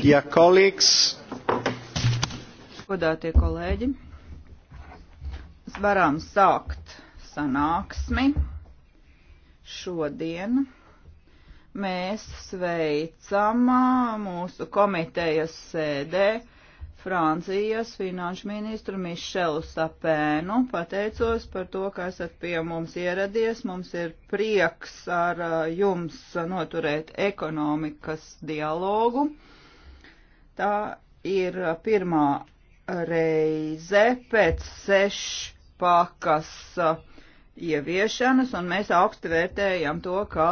Dear colleagues, godātie kolēģi, mēs varam sākt sanāksmi. Šodien mēs sveicam mūsu komitejas sēdē Francijas finanšu ministru Mišelu Sapēnu. Pateicos par to, ka esat pie mums ieradies. Mums ir prieks ar jums noturēt ekonomikas dialogu. Tā ir pirmā reize pēc sešpakas ieviešanas, un mēs augstu vērtējam to, kā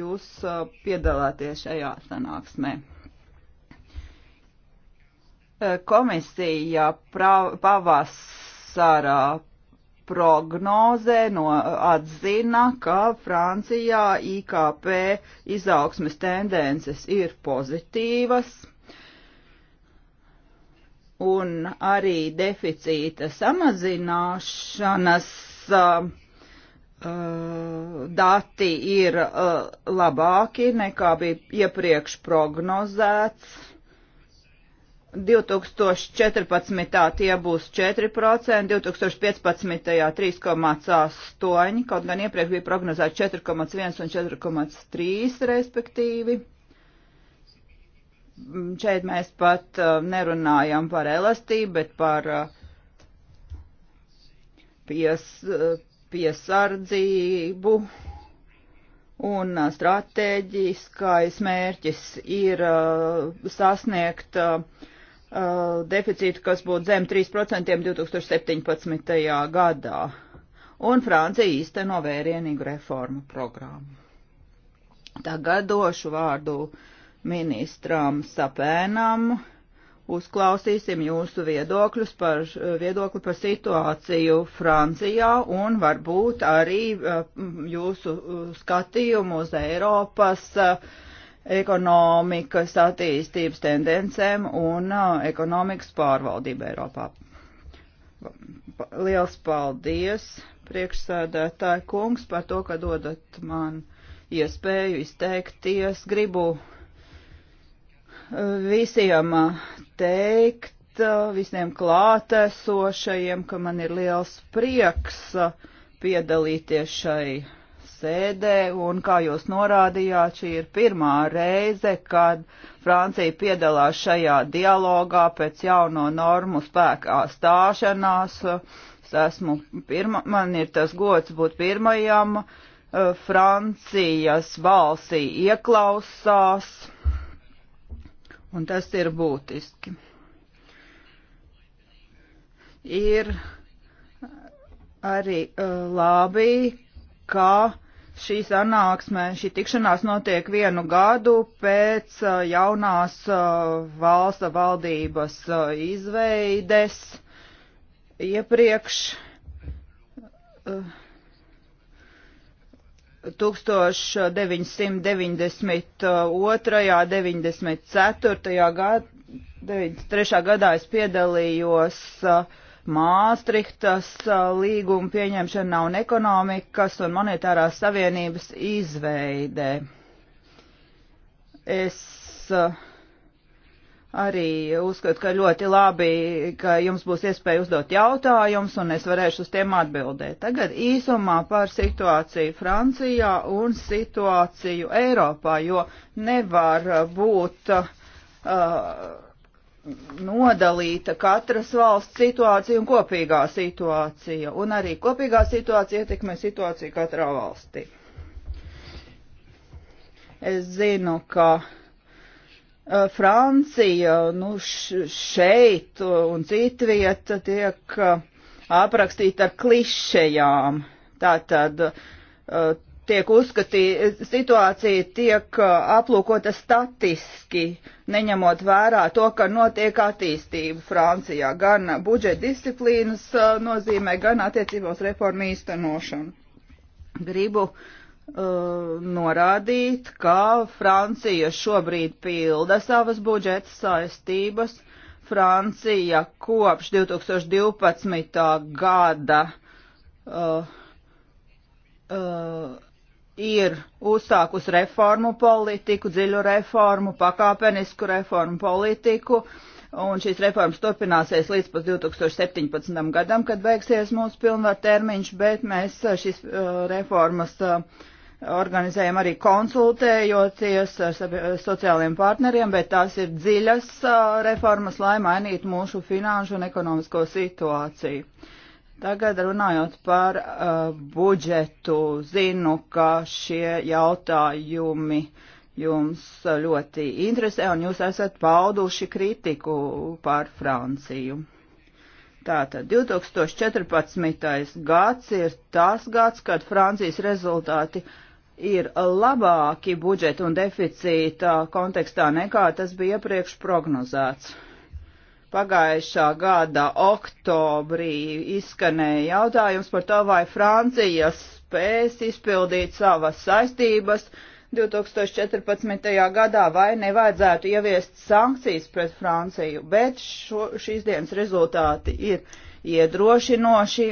jūs piedalāties šajā sanāksmē. Komisija pavasarā prognozē no atzina, ka Francijā IKP izaugsmes tendences ir pozitīvas un arī deficīta samazināšanas uh, uh, dati ir uh, labāki nekā bija iepriekš prognozēts. 2014. tie būs 4%, 2015. 3,8%, kaut gan iepriekš bija prognozēts 4,1 un 4,3% respektīvi. Mm, šeit mēs pat uh, nerunājam par elastību, bet par uh, pies, uh, piesardzību. Un stratēģiskais mērķis ir sasniegt deficītu, kas būtu zem 3% 2017. gadā. Un Francija īsteno vērienīgu reformu programmu. Tagad došu vārdu uh, ministram Sapēnam. Uzklausīsim jūsu viedokļus par, viedokli par situāciju Francijā un varbūt arī eh, jūsu eh, skatījumu uz Eiropas eh, ekonomikas attīstības tendencēm un ekonomikas pārvaldību Eiropā. Liels paldies, priekšsēdētāji kungs, par to, ka dodat man iespēju izteikties. Gribu visiem uh, teikt, uh, visiem klātesošajiem, ka man ir liels prieks uh, piedalīties šai sēdē, un kā jūs norādījāt, šī ir pirmā reize, kad Francija piedalās šajā dialogā pēc jauno normu spēkā stāšanās. Es esmu pirma, man ir tas gods būt pirmajam, Francijas valstī ieklausās un tas ir būtiski. Ir arī uh, labi, ka šī sanāksme, šī tikšanās notiek vienu gadu pēc uh, jaunās uh, valsta valdības izveides iepriekš. Uh, 1992. 94. Uh, uh, gad, 93. gadā es piedalījos uh, Māstrihtas līguma pieņemšanā un ekonomikas un monetārās savienības izveidē. Es uh, arī uzskatu, ka ļoti labi, ka jums būs iespēja uzdot jautājumus un es varēšu uz tiem atbildēt. Tagad īsumā par situāciju Francijā un situāciju Eiropā, jo nevar būt uh, nodalīta katras valsts situācija un kopīgā situācija, un arī kopīgā situācija ietekmē situāciju katrā valstī. Es zinu, ka uh, Eh, Francija, nu šeit un citvieta tiek eh, aprakstīta ar klišejām. Tātad eh, tiek uzskatīta, situācija tiek aplūkota statiski, neņemot vērā to, ka notiek attīstība Francijā gan budžeta disciplīnas nozīmē, gan attiecībos reformu īstenošanu. Gribu uh, uh, norādīt, ka Francija šobrīd pilda savas budžeta saistības. Francija kopš 2012. gada uh, uh, ir uzsākus reformu politiku, dziļu reformu, pakāpenisku reformu politiku, un šīs reformas turpināsies līdz pat 2017. gadam, kad beigsies mūsu pilnvar termiņš, bet mēs uh, šīs uh, reformas uh, organizējam arī konsultējoties ar sociāliem partneriem, bet tās ir dziļas reformas, lai mainītu mūsu finanšu un ekonomisko situāciju. Tagad runājot par uh, budžetu, zinu, ka šie jautājumi jums ļoti interesē un jūs esat pauduši kritiku par Franciju. Tātad 2014. gads ir tas gads, kad Francijas rezultāti ir labāki budžeta un deficīta kontekstā nekā tas bija iepriekš prognozēts. Pagājušā gada oktobrī izskanēja jautājums par to, vai Francija spēs izpildīt savas saistības, uh, 2014. gadā vai nevajadzētu ieviest sankcijas pret Franciju, bet šo, šīs dienas rezultāti ir iedrošinoši,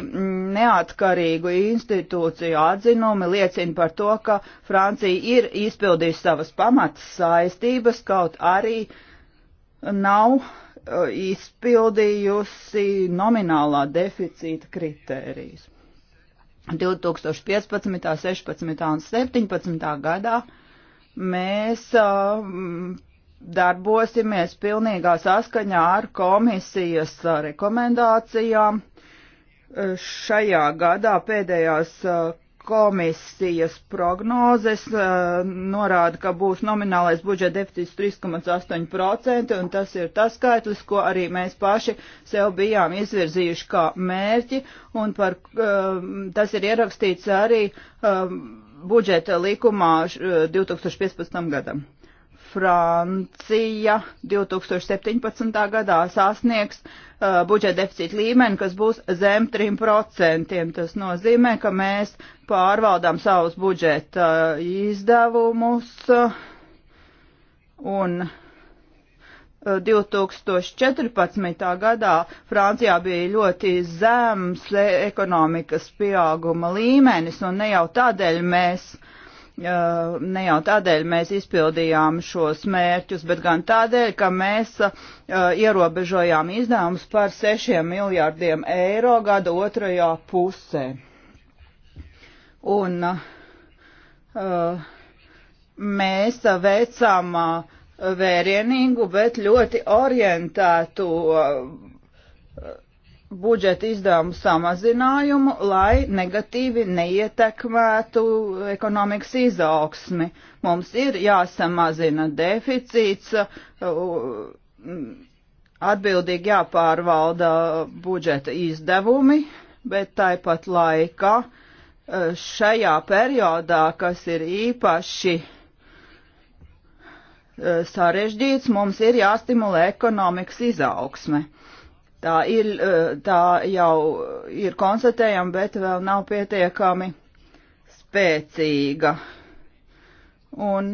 neatkarīgu institūciju atzinumi liecina par to, ka Francija ir izpildījusi savas pamatas saistības, kaut arī nav uh, izpildījusi nominālā deficīta kritērijas. 2015., 16. un 17. gadā mēs darbosimies pilnīgā saskaņā ar komisijas rekomendācijām. Šajā gadā pēdējās komisijas prognozes uh, norāda, ka būs nominālais budžeta deficīts 3,8%, un tas ir tas skaitlis, ko arī mēs paši sev bijām izvirzījuši kā mērķi, un par, uh, tas ir ierakstīts arī uh, budžeta likumā 2015. gadam. Francija 2017. gadā sasniegs uh, budžeta deficīta līmeni, kas būs zem 3%. Tas nozīmē, ka mēs pārvaldām savus budžeta uh, izdevumus uh, un 2014. Uh, gadā Francijā bija ļoti zems ekonomikas pieauguma līmenis, un ne jau tādēļ mēs uh, ne jau tādēļ mēs izpildījām šos mērķus, bet gan tādēļ, ka mēs uh, ierobežojām izdevumus par 6 miljārdiem eiro gada otrajā pusē. Un uh, mēs veicām uh, vērienīgu, bet ļoti orientētu budžeta izdevumu samazinājumu, lai negatīvi neietekmētu ekonomikas izaugsmi. Mums ir jāsamazina deficīts, uh, atbildīgi jāpārvalda budžeta izdevumi, bet tāpat laikā uh, šajā periodā, kas ir īpaši uh, sarežģīts, mums ir jāstimulē ekonomikas izaugsme. Tā, ir, tā jau ir konstatējama, bet vēl nav pietiekami spēcīga. Un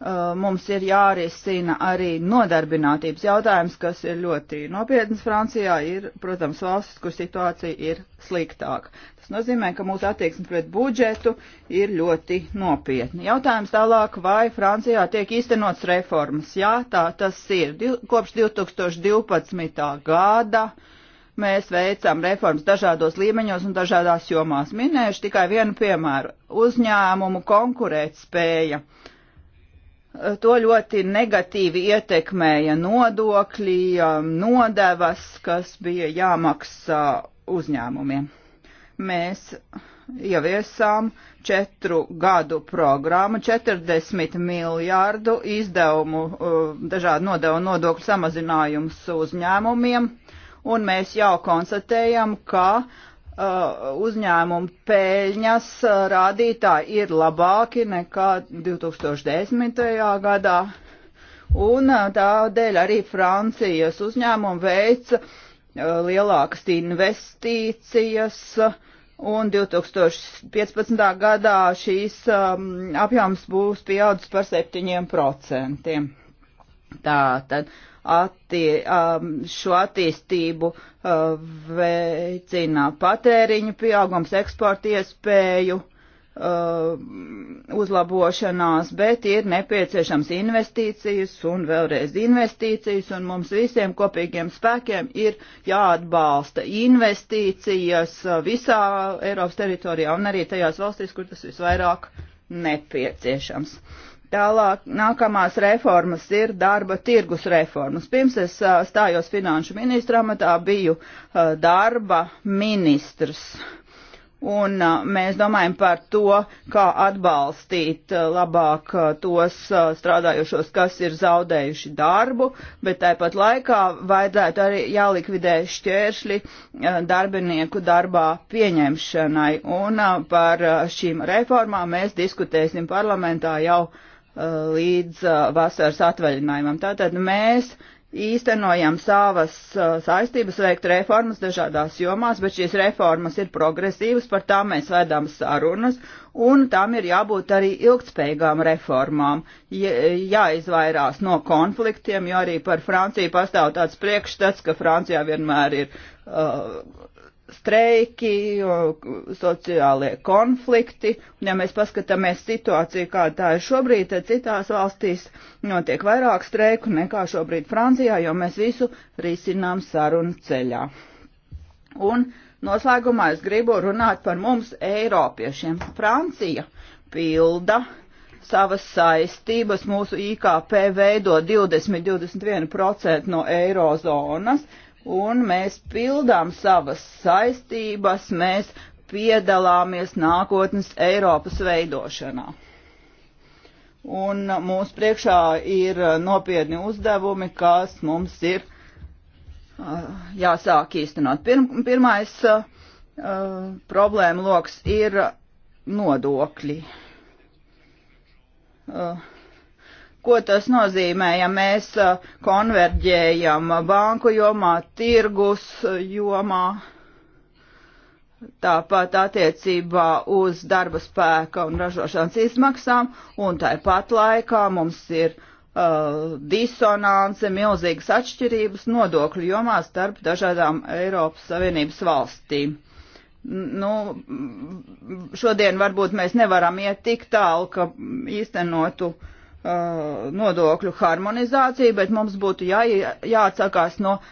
Uh, mums ir jārisina arī nodarbinātības jautājums, kas ir ļoti nopietns Francijā, ir, protams, valstis, kur situācija ir sliktāka. Tas nozīmē, ka mūsu attieksme pret budžetu ir ļoti nopietna. Jautājums tālāk, vai Francijā tiek īstenots reformas? Jā, tā tas ir. Kopš 2012. gada mēs veicam reformas dažādos līmeņos un dažādās jomās. Minējuši tikai vienu piemēru - uzņēmumu konkurētspēja. spēja Eh, to ļoti negatīvi ietekmēja nodokļi, eh, nodevas, kas bija jāmaksā uzņēmumiem. Mēs ieviesām četru gadu programmu, 40 miljārdu izdevumu, eh, dažādu nodevu nodokļu samazinājumus uzņēmumiem, un mēs jau konstatējam, ka uh, Uh, uzņēmumu peļņas uh, rādītāji ir labāki nekā 2010. gadā, un uh, tādēļ arī Francijas uzņēmumu veica lielākas investīcijas, un 2015. gadā šīs um, apjoms būs pieaudzis par 7%. Tātad attie, um, šo attīstību uh, veicina patēriņu pieaugums, eksporta iespēju uh, uzlabošanās, bet ir nepieciešams investīcijas un vēlreiz investīcijas, un mums visiem kopīgiem spēkiem ir jāatbalsta investīcijas uh, visā Eiropas teritorijā un arī tajās valstīs, kur tas visvairāk nepieciešams. Uh, Tālāk nākamās reformas ir darba tirgus reformas. Pirms es stājos finanšu ministra amatā, biju darba ministrs. Un mēs domājam par to, kā atbalstīt labāk tos strādājušos, kas ir zaudējuši darbu, bet tāpat laikā vajadzētu arī jālikvidē šķēršļi darbinieku darbā pieņemšanai. Un par šīm reformām mēs diskutēsim parlamentā jau uh, Uh, līdz uh, vasaras atvaļinājumam. Tātad mēs īstenojam savas uh, saistības veikt reformas dažādās jomās, bet šīs reformas ir progresīvas, par tām mēs vedām sarunas, un tam ir jābūt arī ilgtspējīgām reformām, jāizvairās no konfliktiem, jo arī par Franciju pastāv tāds priekšstats, ka Francijā vienmēr ir uh, streiki, sociālie konflikti. Un, ja mēs paskatāmies situāciju, kāda tā ir šobrīd, tad citās valstīs notiek vairāk streiku nekā šobrīd Francijā, jo mēs visu risinām sarunu ceļā. Un noslēgumā es gribu runāt par mums, Eiropiešiem. Francija pilda savas saistības, mūsu IKP veido 20-21% no eirozonas un mēs pildām savas saistības, mēs piedalāmies nākotnes Eiropas veidošanā. Un mūsu priekšā ir nopietni uzdevumi, kas mums ir jāsāk īstenot. Pirm, pirmais uh, problēma loks ir nodokļi. Uh, Ko tas nozīmē, ja mēs uh, konverģējam banku jomā, tirgus jomā, tāpat attiecībā uz darba spēka un ražošanas izmaksām, un tāpat laikā mums ir uh, disonance, milzīgas atšķirības nodokļu jomā starp dažādām Eiropas Savienības valstīm nu, šodien varbūt mēs nevaram iet tik tālu, ka īstenotu uh, Uh, nodokļu harmonizāciju, bet mums būtu jā, jāatsakās no uh,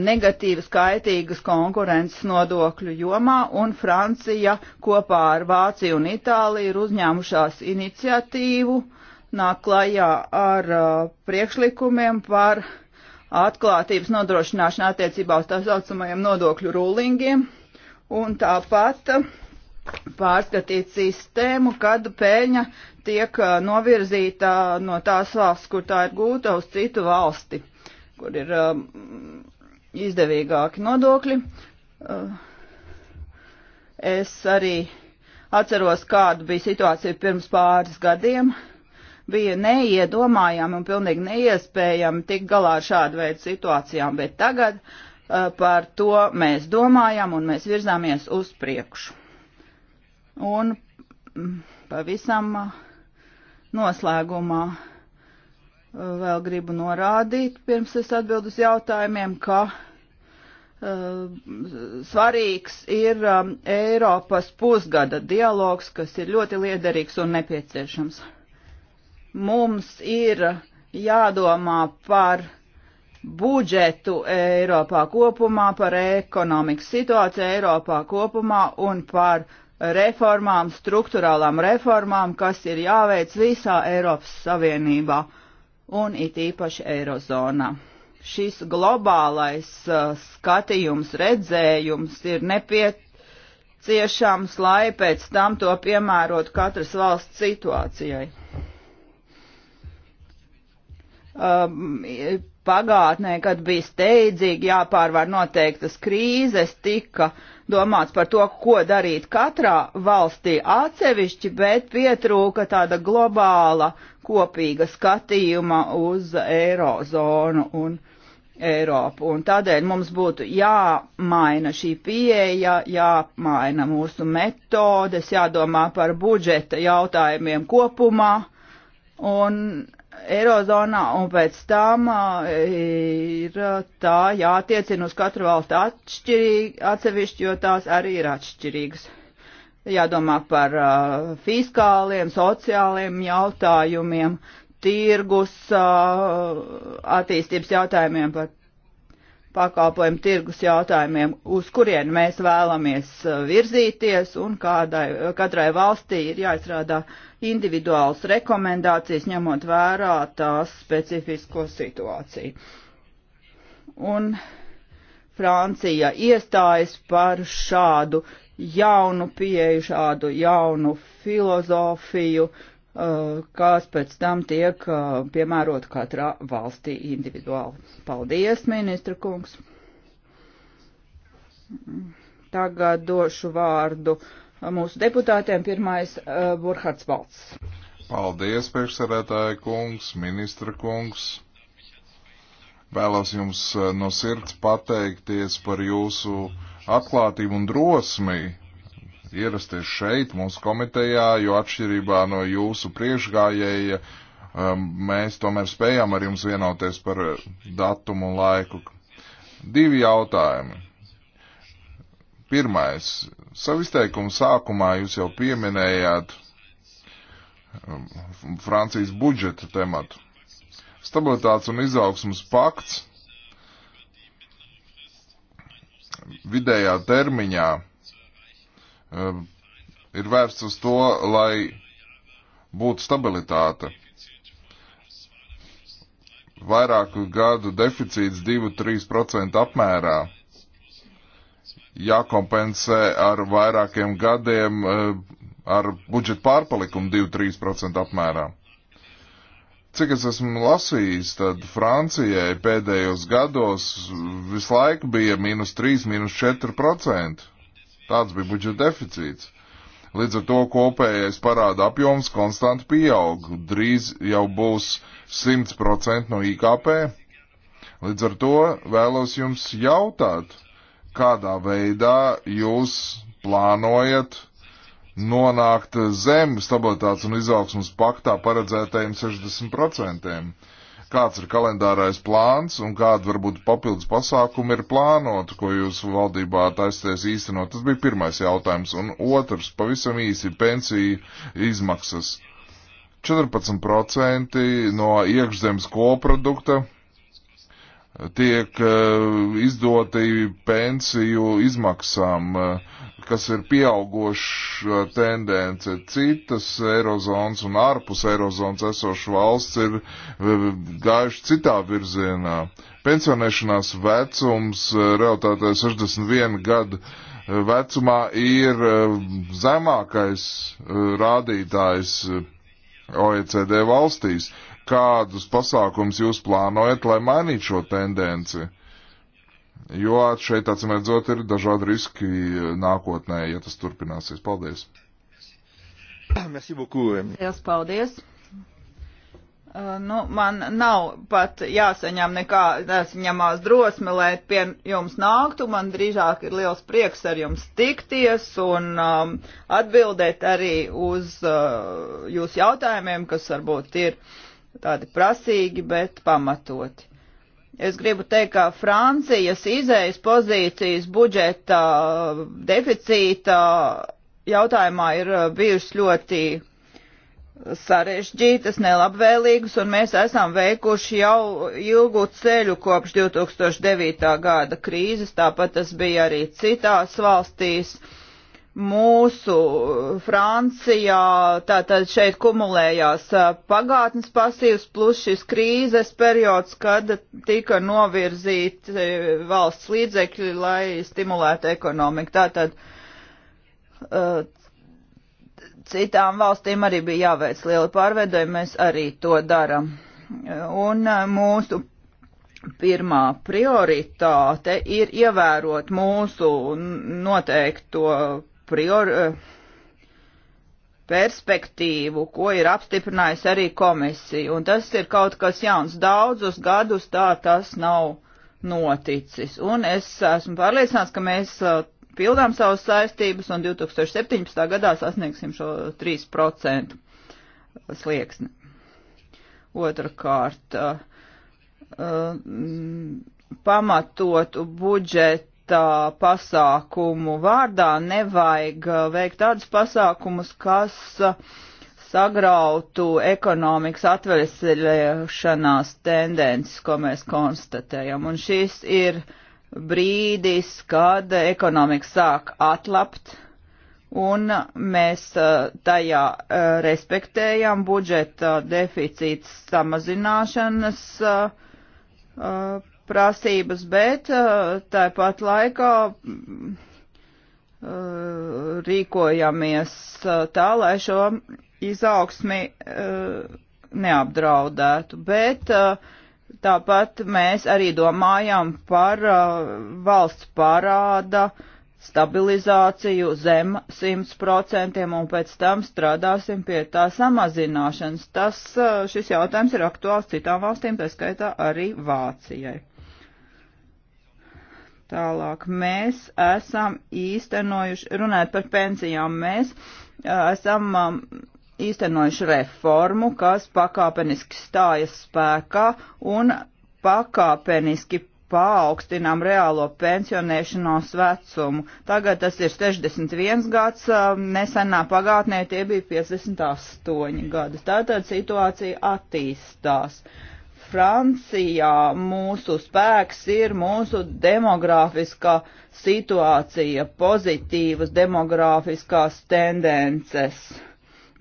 negatīvas, kaitīgas konkurences nodokļu jomā, un Francija kopā ar Vāciju un Itāliju ir uzņēmušās iniciatīvu, nāk klajā ar uh, priekšlikumiem par atklātības nodrošināšanu attiecībā uz tā saucamajiem nodokļu rulingiem, un tāpat pārskatīt sistēmu, kad pēļņa uh, tiek novirzīta no tās valsts, kur tā ir gūta, uz citu valsti, kur ir um, izdevīgāki nodokļi. Uh, es arī atceros, kāda bija situācija pirms pāris gadiem. Bija neiedomājami un pilnīgi neiespējami tik galā ar šādu veidu situācijām, bet tagad uh, par to mēs domājam un mēs virzāmies uz priekšu. Un mm, pavisam uh, Noslēgumā vēl gribu norādīt, pirms es atbildu uz jautājumiem, ka eh, svarīgs ir um, Eiropas pusgada dialogs, kas ir ļoti liederīgs un nepieciešams. Mums ir jādomā par budžetu Eiropā kopumā, par ekonomikas situāciju Eiropā kopumā un par reformām, struktūrālām reformām, kas ir jāveic visā Eiropas Savienībā un it īpaši Eirozonā. Šis globālais uh, skatījums, redzējums ir nepieciešams, lai pēc tam to piemērot katras valsts situācijai um, pagātnē, kad bija steidzīgi jāpārvar noteiktas krīzes, tika domāts par to, ko darīt katrā valstī atsevišķi, bet pietrūka tāda globāla kopīga skatījuma uz eirozonu un Eiropu. Un tādēļ mums būtu jāmaina šī pieeja, jāmaina mūsu metodes, jādomā par budžeta jautājumiem kopumā. Un Eirozonā un pēc tam ir tā jātiecina uz katru valstu atšķirīgi, atsevišķi, jo tās arī ir atšķirīgas. Jādomā par uh, fiskāliem, sociāliem jautājumiem, tirgus uh, attīstības jautājumiem, par pakalpojumu tirgus jautājumiem, uz kurien mēs vēlamies uh, virzīties un kādai, katrai valstī ir jāizrādā individuāls rekomendācijas, ņemot vērā tās specifisko situāciju. Un Francija iestājas par šādu jaunu pieeju, šādu jaunu filozofiju, uh, Eh, kas pēc tam tiek eh, piemērot katrā valstī individuāli. Paldies, ministra kungs! Tagad došu vārdu eh, mūsu deputātiem. Pirmais - Burhards Valts. Paldies, priekšsēdētāja kungs, ministra kungs. Vēlos jums no sirds pateikties par jūsu atklātību un drosmi ierasties šeit, mūsu komitejā, jo atšķirībā no jūsu priekšgājēja um, mēs tomēr spējām ar jums vienoties par uh, datumu un laiku. Divi jautājumi. Pirmais. Savisteikuma sākumā jūs jau pieminējāt um, Francijas budžeta tematu. Stabilitātes un izaugsmas pakts vidējā termiņā ir vērsts uz to, lai būtu stabilitāte. Vairāku gadu deficīts 2-3% apmērā jākompensē ar vairākiem gadiem ar budžeta pārpalikumu 2-3% apmērā. Cik es esmu lasījis, tad Francijai pēdējos gados visu laiku bija mīnus 3, mīnus 4%. Tāds bija budžeta deficīts. Līdz ar to kopējais parāda apjoms konstanti pieaug. Drīz jau būs 100% no IKP. Līdz ar to vēlos jums jautāt, kādā veidā jūs plānojat nonākt zem stabilitātes un izaugsmas paktā paredzētajiem 60% kāds ir kalendārais plāns un kāda varbūt papildus pasākumi ir plānota, ko jūs valdībā taisties īstenot? Tas bija pirmais jautājums. Un otrs, pavisam īsi, pensiju izmaksas. 14% no iekšzemes koprodukta tiek eh, izdoti pensiju izmaksām, eh, kas ir pieaugoša tendence. Citas Eirozonas un ārpus Eirozonas esošas valsts ir eh, gājuši citā virzienā. Pensionēšanās vecums realitātē 61 gadu vecumā ir zemākais rādītājs OECD valstīs kādus pasākums jūs plānojat, lai mainītu šo tendenci? Jo šeit, acīm redzot, ir dažādi riski nākotnē, ja tas turpināsies. Paldies! Merci beaucoup! Liels paldies! Uh, nu, man nav pat jāsaņem nekā nesaņemās drosme, lai pie jums nāktu. Man drīzāk ir liels prieks ar jums tikties un um, atbildēt arī uz uh, jūsu jautājumiem, kas varbūt ir tādi prasīgi, bet pamatoti. Es gribu teikt, ka Francijas izējas pozīcijas budžeta deficīta jautājumā ir uh, bijušas ļoti sarežģītas, nelabvēlīgas, un mēs esam veikuši jau ilgu ceļu kopš 2009. gada krīzes, tāpat tas bija arī citās valstīs. Uh, mūsu eh, Francijā, tātad šeit kumulējās eh, pagātnes pasīvs plus šis krīzes periods, kad tika novirzīti eh, valsts līdzekļi, lai stimulētu ekonomiku. Tātad citām valstīm arī bija jāveic lieli pārveidojumi, mēs arī to daram. Un mūsu pirmā prioritāte ir ievērot mūsu noteikto prior, eh, perspektīvu, ko ir apstiprinājusi arī komisija. Un tas ir kaut kas jauns. Daudzus gadus tā tas nav noticis. Un es esmu pārliecināts, ka mēs eh, pildām savas saistības un 2017. gadā sasniegsim šo 3% slieksni. Otrakārt, eh, pamatotu budžetu atbalsta pasākumu vārdā nevajag uh, veikt tādus pasākumus, kas uh, sagrautu ekonomikas atveļošanās tendences, ko mēs konstatējam. Un šis ir brīdis, kad ekonomika sāk atlapt, un mēs uh, tajā respektējam budžeta deficīts samazināšanas prasības, bet uh, tāpat laikā uh, rīkojamies uh, tā, lai šo izaugsmi neapdraudētu. Bet tāpat mēs arī domājam par valsts parāda stabilizāciju zem 100% un pēc tam strādāsim pie tā samazināšanas. Tas, šis jautājums ir aktuāls citām valstīm, tā skaitā arī Vācijai. Tālāk mēs esam īstenojuši, runājot par pensijām, mēs esam īstenojuši reformu, kas pakāpeniski stājas spēkā un pakāpeniski paaugstinām reālo pensionēšanos vecumu. Tagad tas ir 61 gads, nesenā pagātnē tie bija 58 gadi. Tātad situācija attīstās. Uh, Francijā mūsu spēks ir mūsu demografiskā situācija, pozitīvas demografiskās tendences.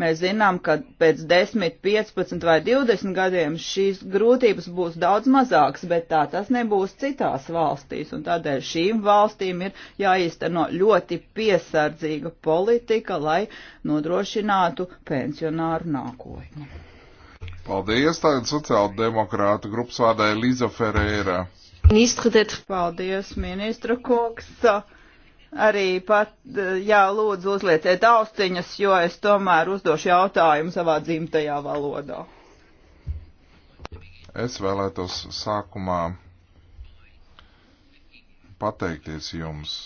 Mēs zinām, ka pēc 10, 15 vai 20 gadiem šīs grūtības būs daudz mazākas, bet tā tas nebūs citās valstīs, un tādēļ šīm valstīm ir jāizteno ļoti piesardzīga politika, lai nodrošinātu pensionāru nākotni. Paldies, tagad sociāla demokrāta grupas vārdāja Līza Ferēra. Ministra, tad paldies, ministra kungs. Arī pat, jā, lūdzu uzlieciet austiņas, jo es tomēr uzdošu jautājumu savā dzimtajā valodā. Es vēlētos sākumā pateikties jums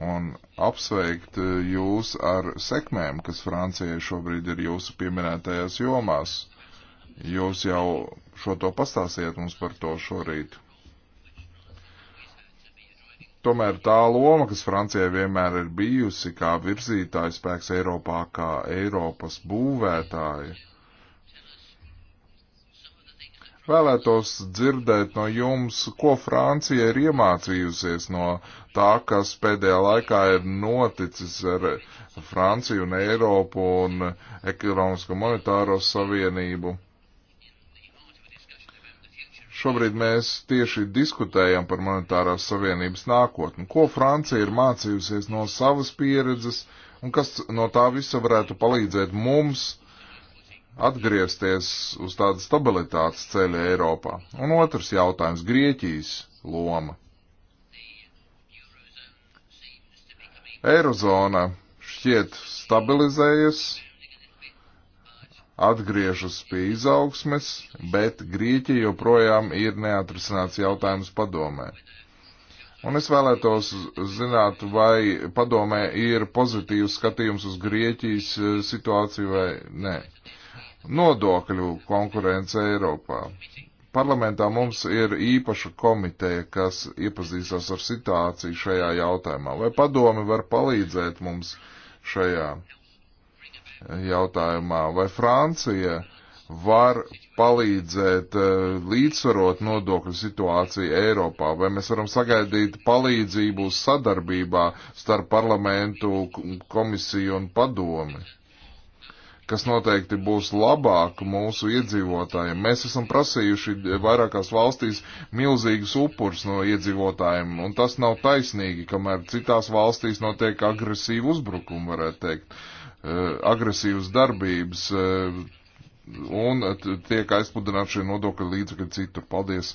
un apsveikt eh, jūs ar sekmēm, kas Francijai šobrīd ir jūsu pieminētajās jomās. Jūs jau šo to pastāstiet mums par to šorīt. Tomēr tā loma, kas Francijai vienmēr ir bijusi kā virzītājs spēks Eiropā, kā Eiropas būvētāja, vēlētos dzirdēt no jums, ko Francija ir iemācījusies no uh, tā, kas pēdējā laikā ir noticis ar Franciju un Eiropu un ekonomisko monetāro savienību. Šobrīd mēs tieši diskutējam par monetārās savienības nākotni. Ko Francija ir mācījusies no savas pieredzes un kas no tā visa varētu palīdzēt mums atgriezties uz tādu stabilitātes ceļu Eiropā? Un otrs jautājums - Grieķijas loma. Eirozona šķiet stabilizējas, atgriežas pie izaugsmes, bet Grieķija joprojām ir neatrisināts jautājums padomē. Un es vēlētos zināt, vai padomē ir pozitīvs skatījums uz Grieķijas eh, situāciju vai nē. Nodokļu konkurence Eiropā. Parlamentā mums ir īpaša komiteja, kas iepazīstās ar situāciju šajā jautājumā. Vai padomi var palīdzēt mums šajā jautājumā? Vai Francija var palīdzēt eh, līdzsvarot nodokļu situāciju Eiropā? Vai mēs varam sagaidīt palīdzību sadarbībā starp parlamentu, komisiju un padomi? kas noteikti būs labāk mūsu iedzīvotājiem. Mēs esam prasījuši vairākās valstīs milzīgus upurs no iedzīvotājiem, un tas nav taisnīgi, kamēr citās valstīs notiek agresīvu uzbrukumu, varētu teikt, eh, agresīvas darbības, eh, un tiek aizpludināti šie nodokļu līdzekļi citur. Paldies!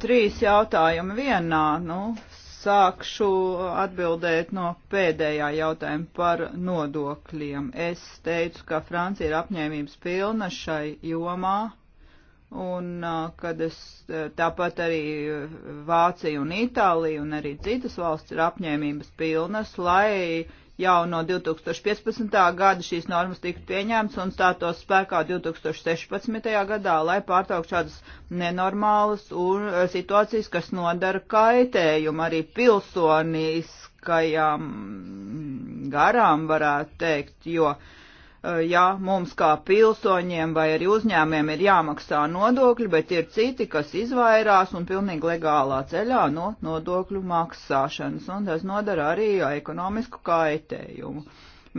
Trīs jautājumi vienā. Nu, sākšu atbildēt no pēdējā jautājuma par nodokļiem. Es teicu, ka Francija ir apņēmības pilna šai jomā, un kad es tāpat arī Vācija un Itālija un arī citas valsts ir apņēmības pilnas, lai jau no 2015. gada šīs normas tika pieņēmts un stātos spēkā 2016. gadā, lai pārtraukt šādas nenormālas un, e, situācijas, kas nodara kaitējumu arī pilsoniskajām garām, varētu teikt, jo uh, Eh, ja mums kā pilsoņiem vai arī uzņēmiem ir jāmaksā nodokļi, bet ir citi, kas izvairās un pilnīgi legālā ceļā no nodokļu maksāšanas, un tas nodara arī ekonomisku kaitējumu.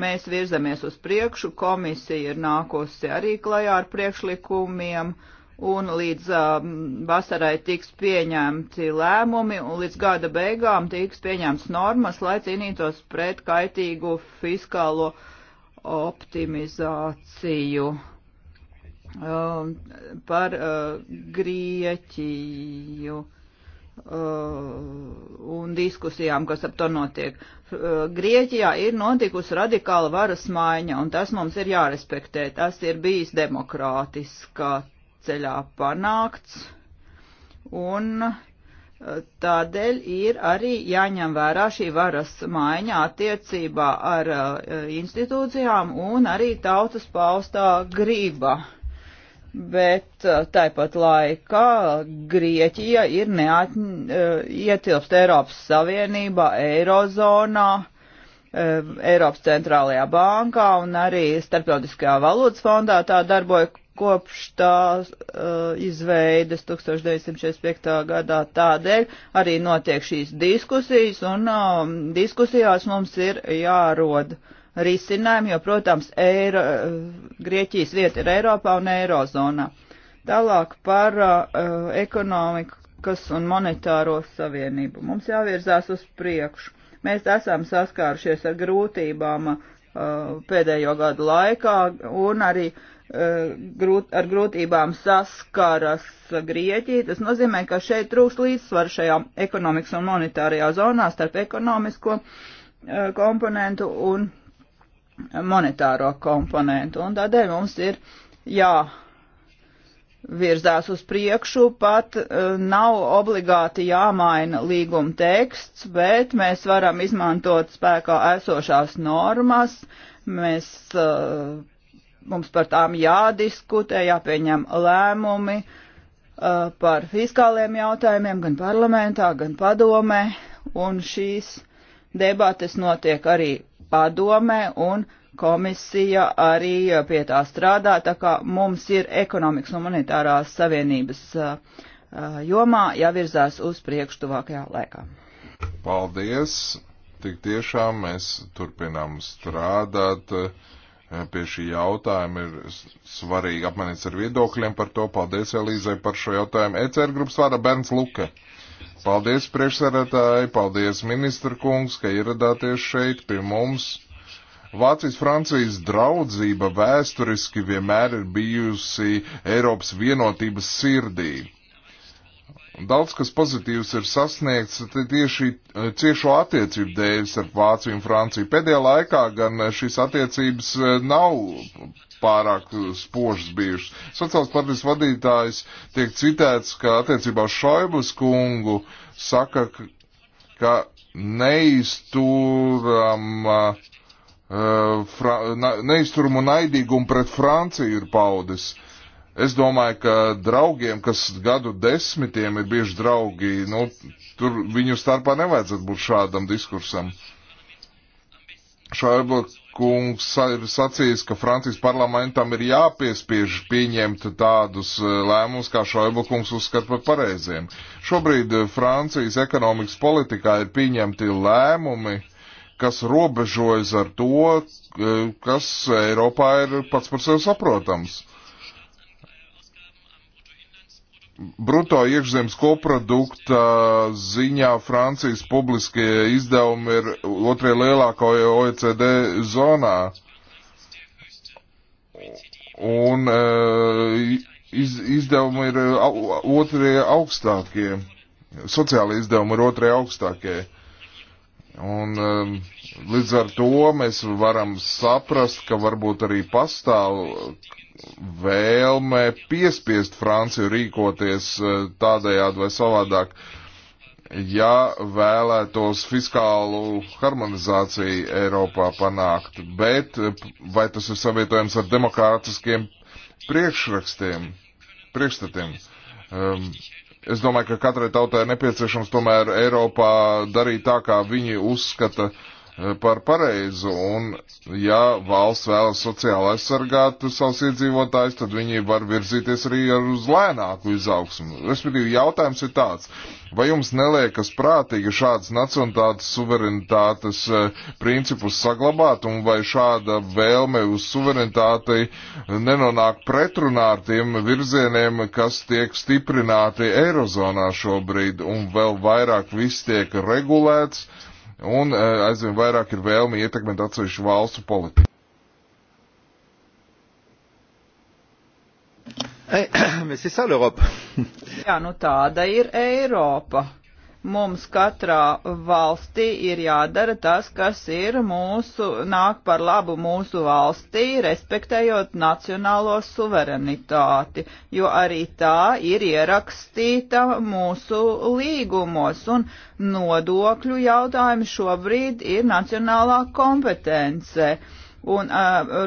Mēs virzamies uz priekšu, komisija ir nākusi arī klajā ar priekšlikumiem, un līdz um, vasarai tiks pieņemti lēmumi, un līdz gada beigām tiks pieņemts normas, lai cīnītos pret kaitīgu fiskālo uh, optimizāciju. Um, par uh, Grieķiju uh, un diskusijām, kas ap to notiek. Uh, Grieķijā ir notikusi radikāla varas maiņa, un tas mums ir jārespektē. Tas ir bijis demokrātiskā ceļā panākts, un uh, Tādēļ ir arī jāņem vērā šī varas maiņa attiecībā ar eh, institūcijām un arī tautas paustā grība. Bet eh, tāpat laikā Grieķija ir neat, eh, ietilpst Eiropas Savienībā, Eirozonā, Eiropas centrālajā bankā un arī Starptautiskajā valūtas fondā tā darboja, kopš tā uh, izveides 1945. gadā. Tādēļ arī notiek šīs diskusijas, un uh, diskusijās mums ir jārod risinājumi, jo, protams, Eiro, uh, Grieķijas vieta ir Eiropā un Eirozonā. Tālāk par uh, ekonomikas un monetāro savienību. Mums jāvirzās uz priekšu. Mēs esam saskārušies ar grūtībām uh, pēdējo gadu laikā un arī uh, grūt, ar grūtībām saskaras Grieķija. Tas nozīmē, ka šeit trūks līdzsvaru šajā ekonomikas un monetārajā zonā starp ekonomisko e, komponentu un monetāro komponentu. Un tādēļ mums ir jā virzās uz priekšu, pat e, nav obligāti jāmaina līguma teksts, bet mēs varam izmantot spēkā esošās normas, mēs uh, mums par tām jādiskutē, jāpieņem lēmumi uh, par fiskāliem jautājumiem gan parlamentā, gan padomē, un šīs debates notiek arī padomē, un komisija arī pie tā strādā, tā kā mums ir ekonomikas un monetārās savienības uh, uh jomā jāvirzās uz priekšu tuvākajā laikā. Paldies! Tik tiešām mēs turpinām strādāt. Uh, Eh, pie šī jautājuma ir svarīgi apmainīties ar viedokļiem par to. Paldies Elīzai par šo jautājumu. ECR grupas vārā Bērns Luka. Paldies priekšsarētāji, paldies ministra kungs, ka ieradāties šeit pie mums. Vācijas Francijas draudzība vēsturiski vienmēr ir bijusi Eiropas vienotības sirdī Daudz kas pozitīvs ir sasniegts tieši eh, ciešo attiecību dēļ starp Vāciju un Franciju. Pēdējā laikā gan eh, šīs attiecības eh, nav pārāk spožas bijušas. Sociāls partijas vadītājs tiek citēts, ka attiecībā uz Šoibus kungu saka, ka neizturam, uh, fra, na, neizturumu naidīgumu pret Franciju ir paudis. Uh, Es domāju, ka draugiem, kas gadu desmitiem ir bijuši draugi, nu, tur viņu starpā nevajadzētu būt šādam diskursam. Šāba kungs ir sacījis, ka Francijas parlamentam ir jāpiespiež pieņemt tādus eh, lēmumus, kā Šāba kungs uzskata par pareiziem. Šobrīd eh, Francijas ekonomikas politikā ir pieņemti lēmumi, kas robežojas ar to, eh, kas Eiropā ir pats par sevi saprotams. Uh, bruto iekšzemes koprodukta ziņā Francijas publiskie izdevumi ir otrajā lielākā OECD zonā. Un e, iz, izdevumi ir otrie augstākie. Sociālie izdevumi ir otrie augstākie. Un um, līdz ar to mēs varam saprast, ka varbūt arī pastāv vēlme piespiest Franciju rīkoties uh, tādējādi vai savādāk, ja vēlētos fiskālu harmonizāciju Eiropā panākt. Bet uh, vai tas ir savietojams ar demokrātiskiem priekšrakstiem, priekšstatiem? Um, Es domāju, ka katrai tautai nepieciešams tomēr Eiropā darīt tā, kā viņi uzskata uh, par pareizu, un ja valsts vēlas sociāli aizsargāt savus iedzīvotājus, tad viņi var virzīties arī ar uz lēnāku izaugsmu. Respektīvi, jautājums ir tāds, vai jums neliekas prātīgi šāds nacionālitātes suverenitātes eh, principus saglabāt, un vai šāda vēlme uz suverenitāti nenonāk pretrunā ar tiem virzieniem, kas tiek stiprināti Eirozonā šobrīd, un vēl vairāk viss tiek regulēts, un eh, aizvien vairāk ir vēlmi ietekmēt atsevišķu valstu politiku. Eh, Jā, nu tāda ir Eiropa Mums katrā valstī ir jādara tas, kas ir mūsu, nāk par labu mūsu valstī, respektējot nacionālo suverenitāti, jo arī tā ir ierakstīta mūsu līgumos, un nodokļu jautājumi šobrīd ir nacionālā kompetence. Uh, un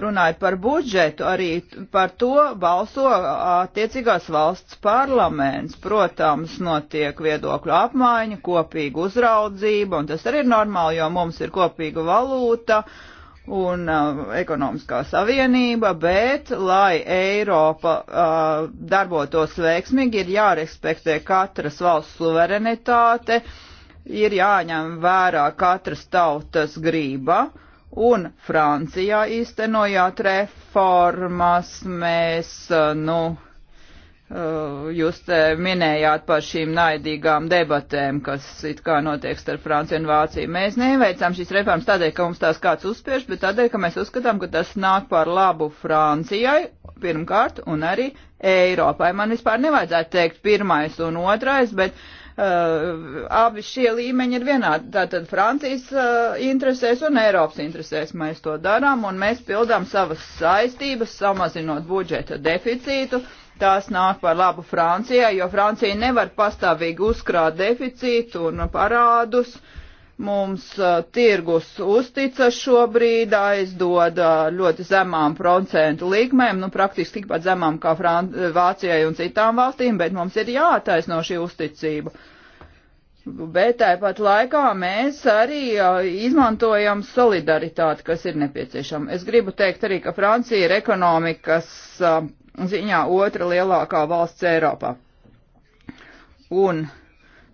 runāja par budžetu, arī par to balso attiecīgās valsts parlaments. Protams, notiek viedokļu apmaiņa, kopīga uzraudzība, un tas arī ir normāli, jo mums ir kopīga valūta un uh, ekonomiskā savienība, bet, lai Eiropa uh, darbotos veiksmīgi, ir jārespektē katras valsts suverenitāte, ir jāņem vērā katras tautas grība, uh, un Francijā īstenojāt reformas. Mēs, nu, jūs minējāt par šīm naidīgām debatēm, kas it kā notiek starp Franciju un Vāciju. Mēs neveicām šīs reformas tādēļ, ka mums tās kāds uzspiež, bet tādēļ, ka mēs uzskatām, ka tas nāk par labu Francijai pirmkārt un arī Eiropai. Man vispār nevajadzētu teikt pirmais un otrais, bet uh, Uh, abi šie līmeņi ir vienādi. Tātad Francijas uh, interesēs un Eiropas interesēs mēs to darām, un mēs pildām savas saistības, samazinot budžeta deficītu. Tās nāk par labu Francijai, jo Francija nevar pastāvīgi uzkrāt deficītu un parādus. Uh, mums uh, tirgus uztica šobrīd, aizdod uh, ļoti zemām procentu likmēm, nu praktiski tikpat zemām kā Fran Vācijai un citām valstīm, bet mums ir jātaisno šī uzticība. Bet tāpat laikā mēs arī uh, izmantojam solidaritāti, kas ir nepieciešama. Es gribu teikt arī, ka Francija ir ekonomikas ziņā otra lielākā valsts Eiropā. Un uh,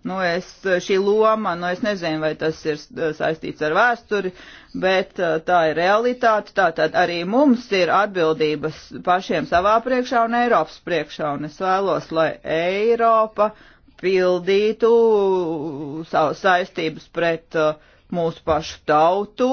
Nu, es, šī loma, nu, es nezinu, vai tas ir saistīts ar vēsturi, bet tā ir realitāte. Tātad arī mums ir atbildības pašiem savā priekšā un Eiropas priekšā, un es vēlos, lai Eiropa pildītu savu saistības pret mūsu pašu tautu,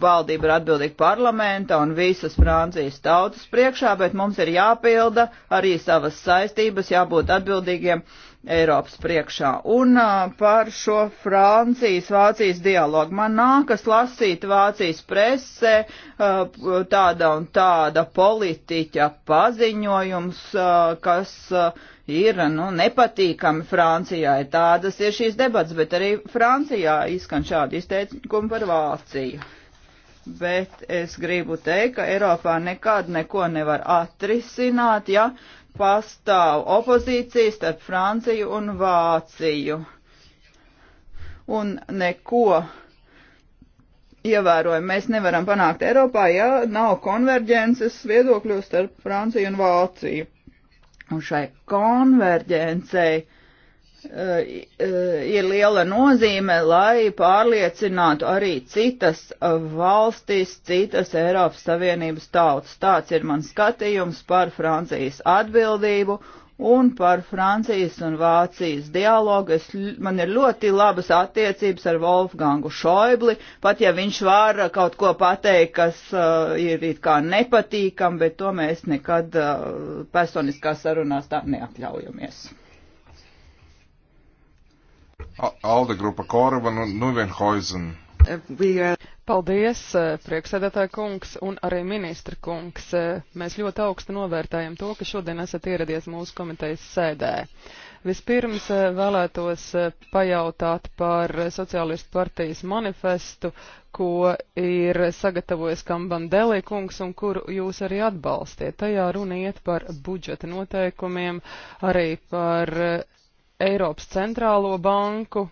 valdība ir atbildīga parlamenta un visas Francijas tautas priekšā, bet mums ir jāpilda arī savas saistības, jābūt atbildīgiem Eiropas priekšā. Un uh, par šo Francijas-Vācijas dialogu man nākas lasīt Vācijas presē uh, tāda un tāda politiķa paziņojums, uh, kas. Uh, ir nu, nepatīkami Francijai. Tādas ir šīs debats, bet arī Francijā izskan šādi izteikumi par Vāciju. Bet es gribu teikt, ka Eiropā nekad neko nevar atrisināt, ja pastāv opozīcijas starp Franciju un Vāciju. Un neko ievērojami mēs nevaram panākt Eiropā, ja nav konverģences viedokļos starp Franciju un Vāciju. Un šai konverģencei e, e, ir liela nozīme, lai pārliecinātu arī citas valstis, citas Eiropas Savienības tautas. Tāds ir mans skatījums par Francijas atbildību un par Francijas un Vācijas dialogu. Es, man ir ļoti labas attiecības ar Wolfgangu Šoibli, pat ja viņš var kaut ko pateikt, kas uh, ir it kā nepatīkam, bet to mēs nekad uh, personiskās sarunās tā neatļaujamies. Alde grupa Korva un nu, Nuvenhoizen. Paldies, eh, prieksēdētāja kungs un arī ministra kungs. Eh, mēs ļoti augstu novērtējam to, ka šodien esat ieradies mūsu komitejas sēdē. Vispirms eh, vēlētos pajautāt par Sociālistu partijas manifestu, ko ir sagatavojis Kambandelī kungs un kuru jūs arī atbalstiet. Tajā runa iet par budžeta noteikumiem, arī par Eiropas centrālo banku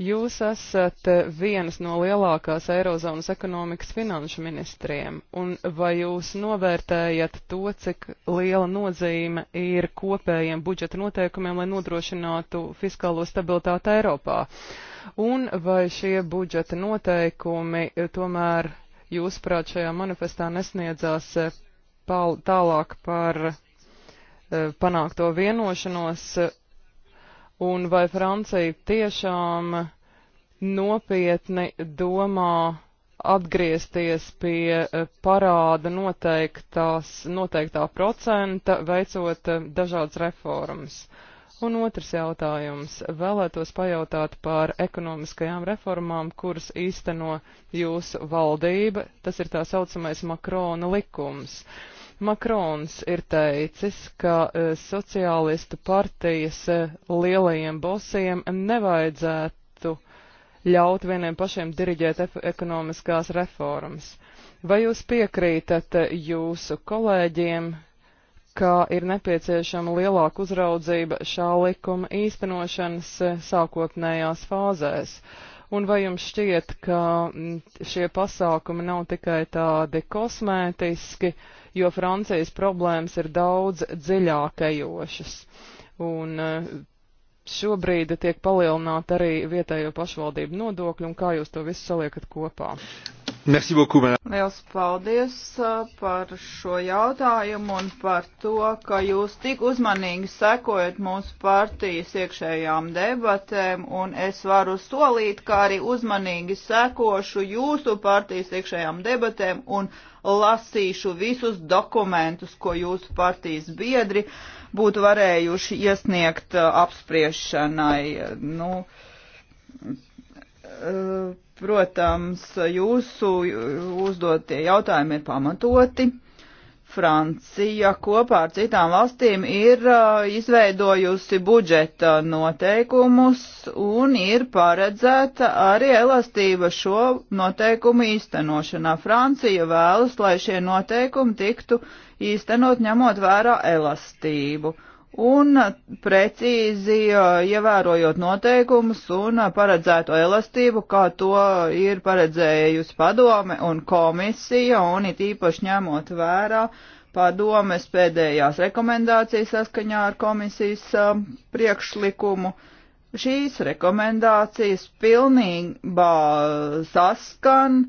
Jūs esat vienas no lielākās Eirozonas ekonomikas finanšu ministriem, un vai jūs novērtējat to, cik liela nozīme ir kopējiem budžeta noteikumiem, lai nodrošinātu fiskālo stabilitāti Eiropā? Un vai šie budžeta noteikumi eh, tomēr, jūsuprāt, šajā manifestā nesniedzās eh, tālāk par eh, panākto vienošanos un vai Francija tiešām nopietni domā atgriezties pie eh, parāda noteiktās, noteiktā procenta, veicot eh, dažādas reformas. Un otrs jautājums. Vēlētos pajautāt par ekonomiskajām reformām, kuras īsteno jūsu valdība. Tas ir tā saucamais Makrona likums. Uh, Makrons ir teicis, ka e, sociālistu partijas e, lielajiem bosiem nevajadzētu ļaut vieniem pašiem diriģēt ekonomiskās reformas. Vai jūs piekrītat e, jūsu kolēģiem, ka ir nepieciešama lielāka uzraudzība šā likuma īstenošanas e, sākotnējās fāzēs? un vai jums šķiet, ka šie pasākumi nav tikai tādi kosmētiski, jo Francijas problēmas ir daudz dziļākajošas. Un eh, šobrīd tiek palielināta arī vietējo pašvaldību nodokļu, un kā jūs to visu saliekat kopā? Merci beaucoup, man. Liels paldies uh, par šo jautājumu un par to, ka jūs tik uzmanīgi sekojat mūsu partijas iekšējām debatēm, un es varu solīt, ka arī uzmanīgi sekošu jūsu partijas iekšējām debatēm un lasīšu visus dokumentus, ko jūsu partijas biedri būtu varējuši iesniegt uh, apspriešanai. Nu, uh, Protams, jūsu uzdotie jautājumi ir pamatoti. Francija kopā ar citām valstīm ir izveidojusi budžeta noteikumus un ir paredzēta arī elastība šo noteikumu īstenošanā. Francija vēlas, lai šie noteikumi tiktu īstenot ņemot vērā elastību. Uh, un precīzi ievērojot noteikumus un paredzēto elastību, kā to ir paredzējusi padome un komisija, un it īpaši ņemot vērā padomes pēdējās rekomendācijas saskaņā ar komisijas priekšlikumu. Šīs rekomendācijas pilnībā saskan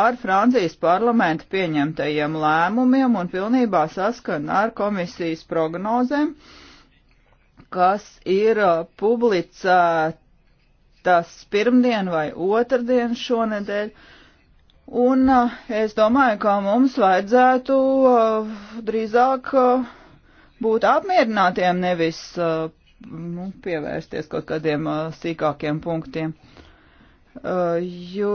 ar Francijas parlamenta pieņemtajiem lēmumiem un pilnībā saskan ar komisijas prognozēm. Uh, kas ir uh, publicētas pirmdien vai otrdien šonedēļ. Un uh, es domāju, ka mums vajadzētu uh, drīzāk būt apmierinātiem, nevis nu, pievērsties kaut kādiem sīkākiem punktiem. Jū,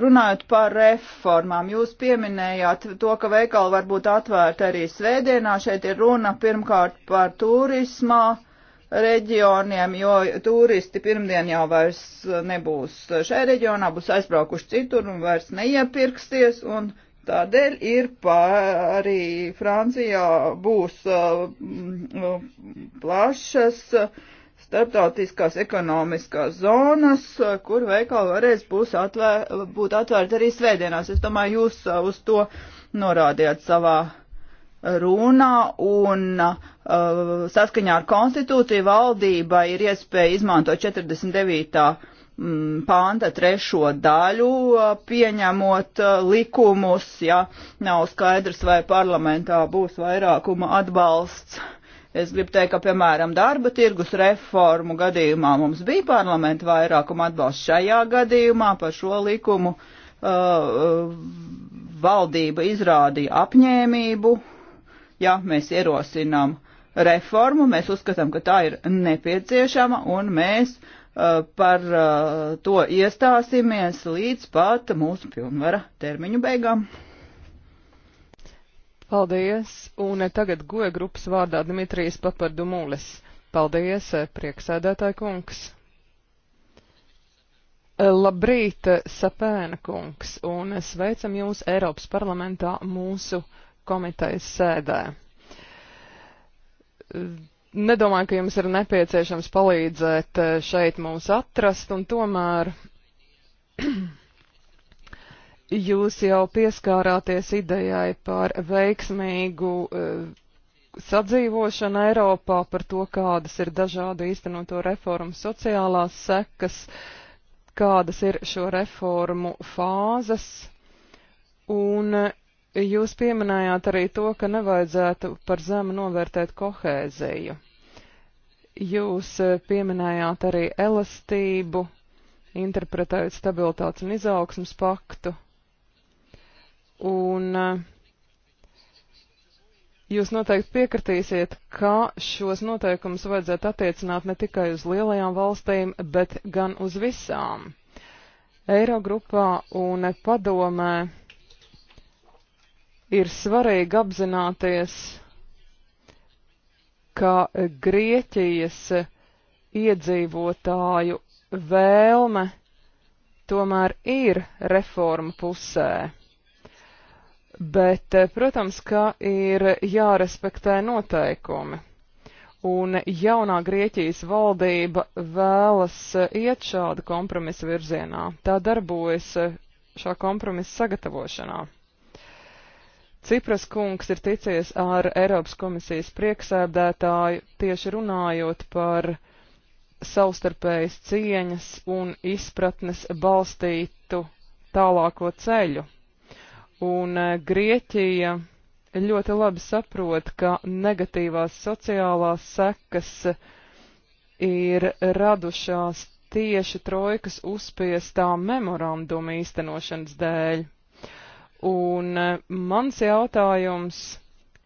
runājot par reformām, jūs pieminējāt to, ka veikali var būt atvērti arī svētdienā. Šeit ir runa pirmkārt par turismā reģioniem, jo turisti pirmdien jau vairs nebūs šajā reģionā, būs aizbraukuši citur un vairs neiepirksies. Un Tādēļ ir arī Francijā būs uh, plašas starptautiskās ekonomiskās zonas, kur veikali varēs būs atvēr, būt atvērti arī svētdienās. Es domāju, jūs uz to norādījāt savā runā un uh, saskaņā ar konstitūciju valdība ir iespēja izmantot 49. Mm, panta trešo daļu, uh, pieņemot uh, likumus, ja nav skaidrs, vai parlamentā būs vairākuma atbalsts. Es gribu teikt, ka, piemēram, darba tirgus reformu gadījumā mums bija parlamenta vairākuma atbalsts šajā gadījumā par šo likumu. Uh, uh valdība izrādīja apņēmību uh, ja mēs ierosinām reformu, mēs uzskatām, ka tā ir nepieciešama un mēs uh, par uh, to iestāsimies līdz pat mūsu pilnvara termiņu beigām. Paldies, un tagad goja grupas vārdā Dimitrijas Papardumulis. Paldies, eh, prieksēdētāji kungs. Eh, labrīt, eh, Sapēna kungs, un sveicam jūs Eiropas parlamentā mūsu komitejas sēdē. Nedomāju, ka jums ir nepieciešams palīdzēt eh, šeit mums atrast, un tomēr jūs jau pieskārāties idejai par veiksmīgu eh, sadzīvošanu Eiropā, par to, kādas ir dažādu īstenoto reformu sociālās sekas, kādas ir šo reformu fāzes. Un Jūs pieminējāt arī to, ka nevajadzētu par zemu novērtēt kohēziju. Jūs eh, pieminējāt arī elastību, interpretējot stabilitātes un izaugsmas paktu. Un eh, jūs noteikti piekritīsiet, ka šos noteikumus vajadzētu attiecināt ne tikai uz lielajām valstīm, bet gan uz visām. Eirogrupā un padomē ir svarīgi apzināties, ka Grieķijas iedzīvotāju vēlme tomēr ir reforma pusē. Bet, protams, ka ir jārespektē noteikumi. Un jaunā Grieķijas valdība vēlas iet šāda kompromisa virzienā. Tā darbojas šā kompromisa sagatavošanā. Cipras kungs ir ticies ar Eiropas komisijas prieksēdētāju tieši runājot par savstarpējas cieņas un izpratnes balstītu tālāko ceļu. Un eh, Grieķija ļoti labi saprot, ka negatīvās sociālās sekas ir radušās tieši trojkas uzspiestā memoranduma īstenošanas dēļ. Un eh, mans jautājums,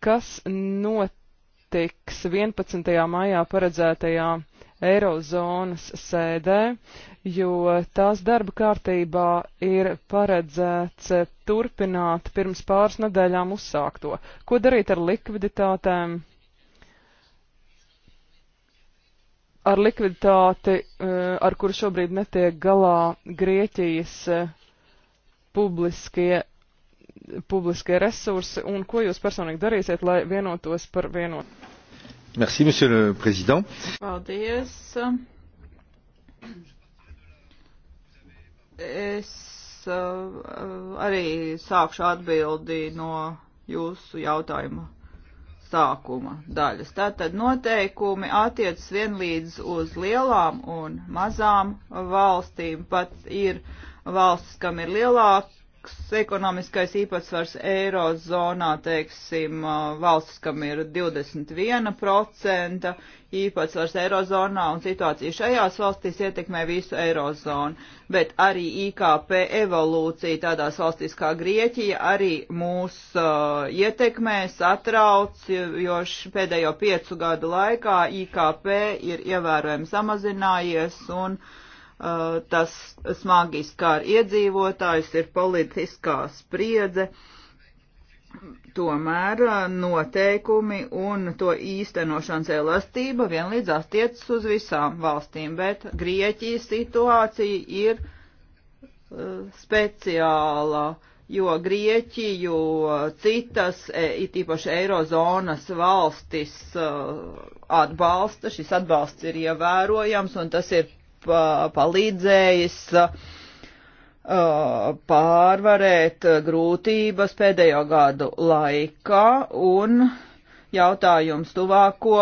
kas notiks 11. maijā paredzētajā Eirozonas sēdē, jo tās darba kārtībā ir paredzēts turpināt pirms pāris nedēļām uzsākto. Ko darīt ar likviditātēm? Ar likviditāti, eh, ar kuru šobrīd netiek galā Grieķijas eh, publiskie publiskie resursi un ko jūs personīgi darīsiet, lai vienotos par vienotu? Merci, monsieur le président. Paldies. Es uh, arī sākšu atbildi no jūsu jautājuma sākuma daļas. Tātad noteikumi attiecas vienlīdz uz lielām un mazām valstīm, pat ir valsts, kam ir lielāka ekonomiskais īpatsvars eirozonā, teiksim, valsts, kam ir 21% īpatsvars eirozonā un situācija šajās valstīs ietekmē visu eirozonu, bet arī IKP evolūcija tādās valstīs kā Grieķija arī mūs uh, ietekmē, satrauc, jo pēdējo piecu gadu laikā IKP ir ievērojami samazinājies un uh, Eh, tas smagi skar iedzīvotājus, ir politiskā spriedze. Tomēr eh, noteikumi un to īstenošanas elastība vienlīdz attiecas uz visām valstīm, bet Grieķijas situācija ir uh, speciāla, jo Grieķiju citas, it īpaši Eirozonas valstis uh, atbalsta, šis atbalsts ir ievērojams un tas ir palīdzējis uh, pārvarēt grūtības pēdējo gadu laikā un jautājums tuvāko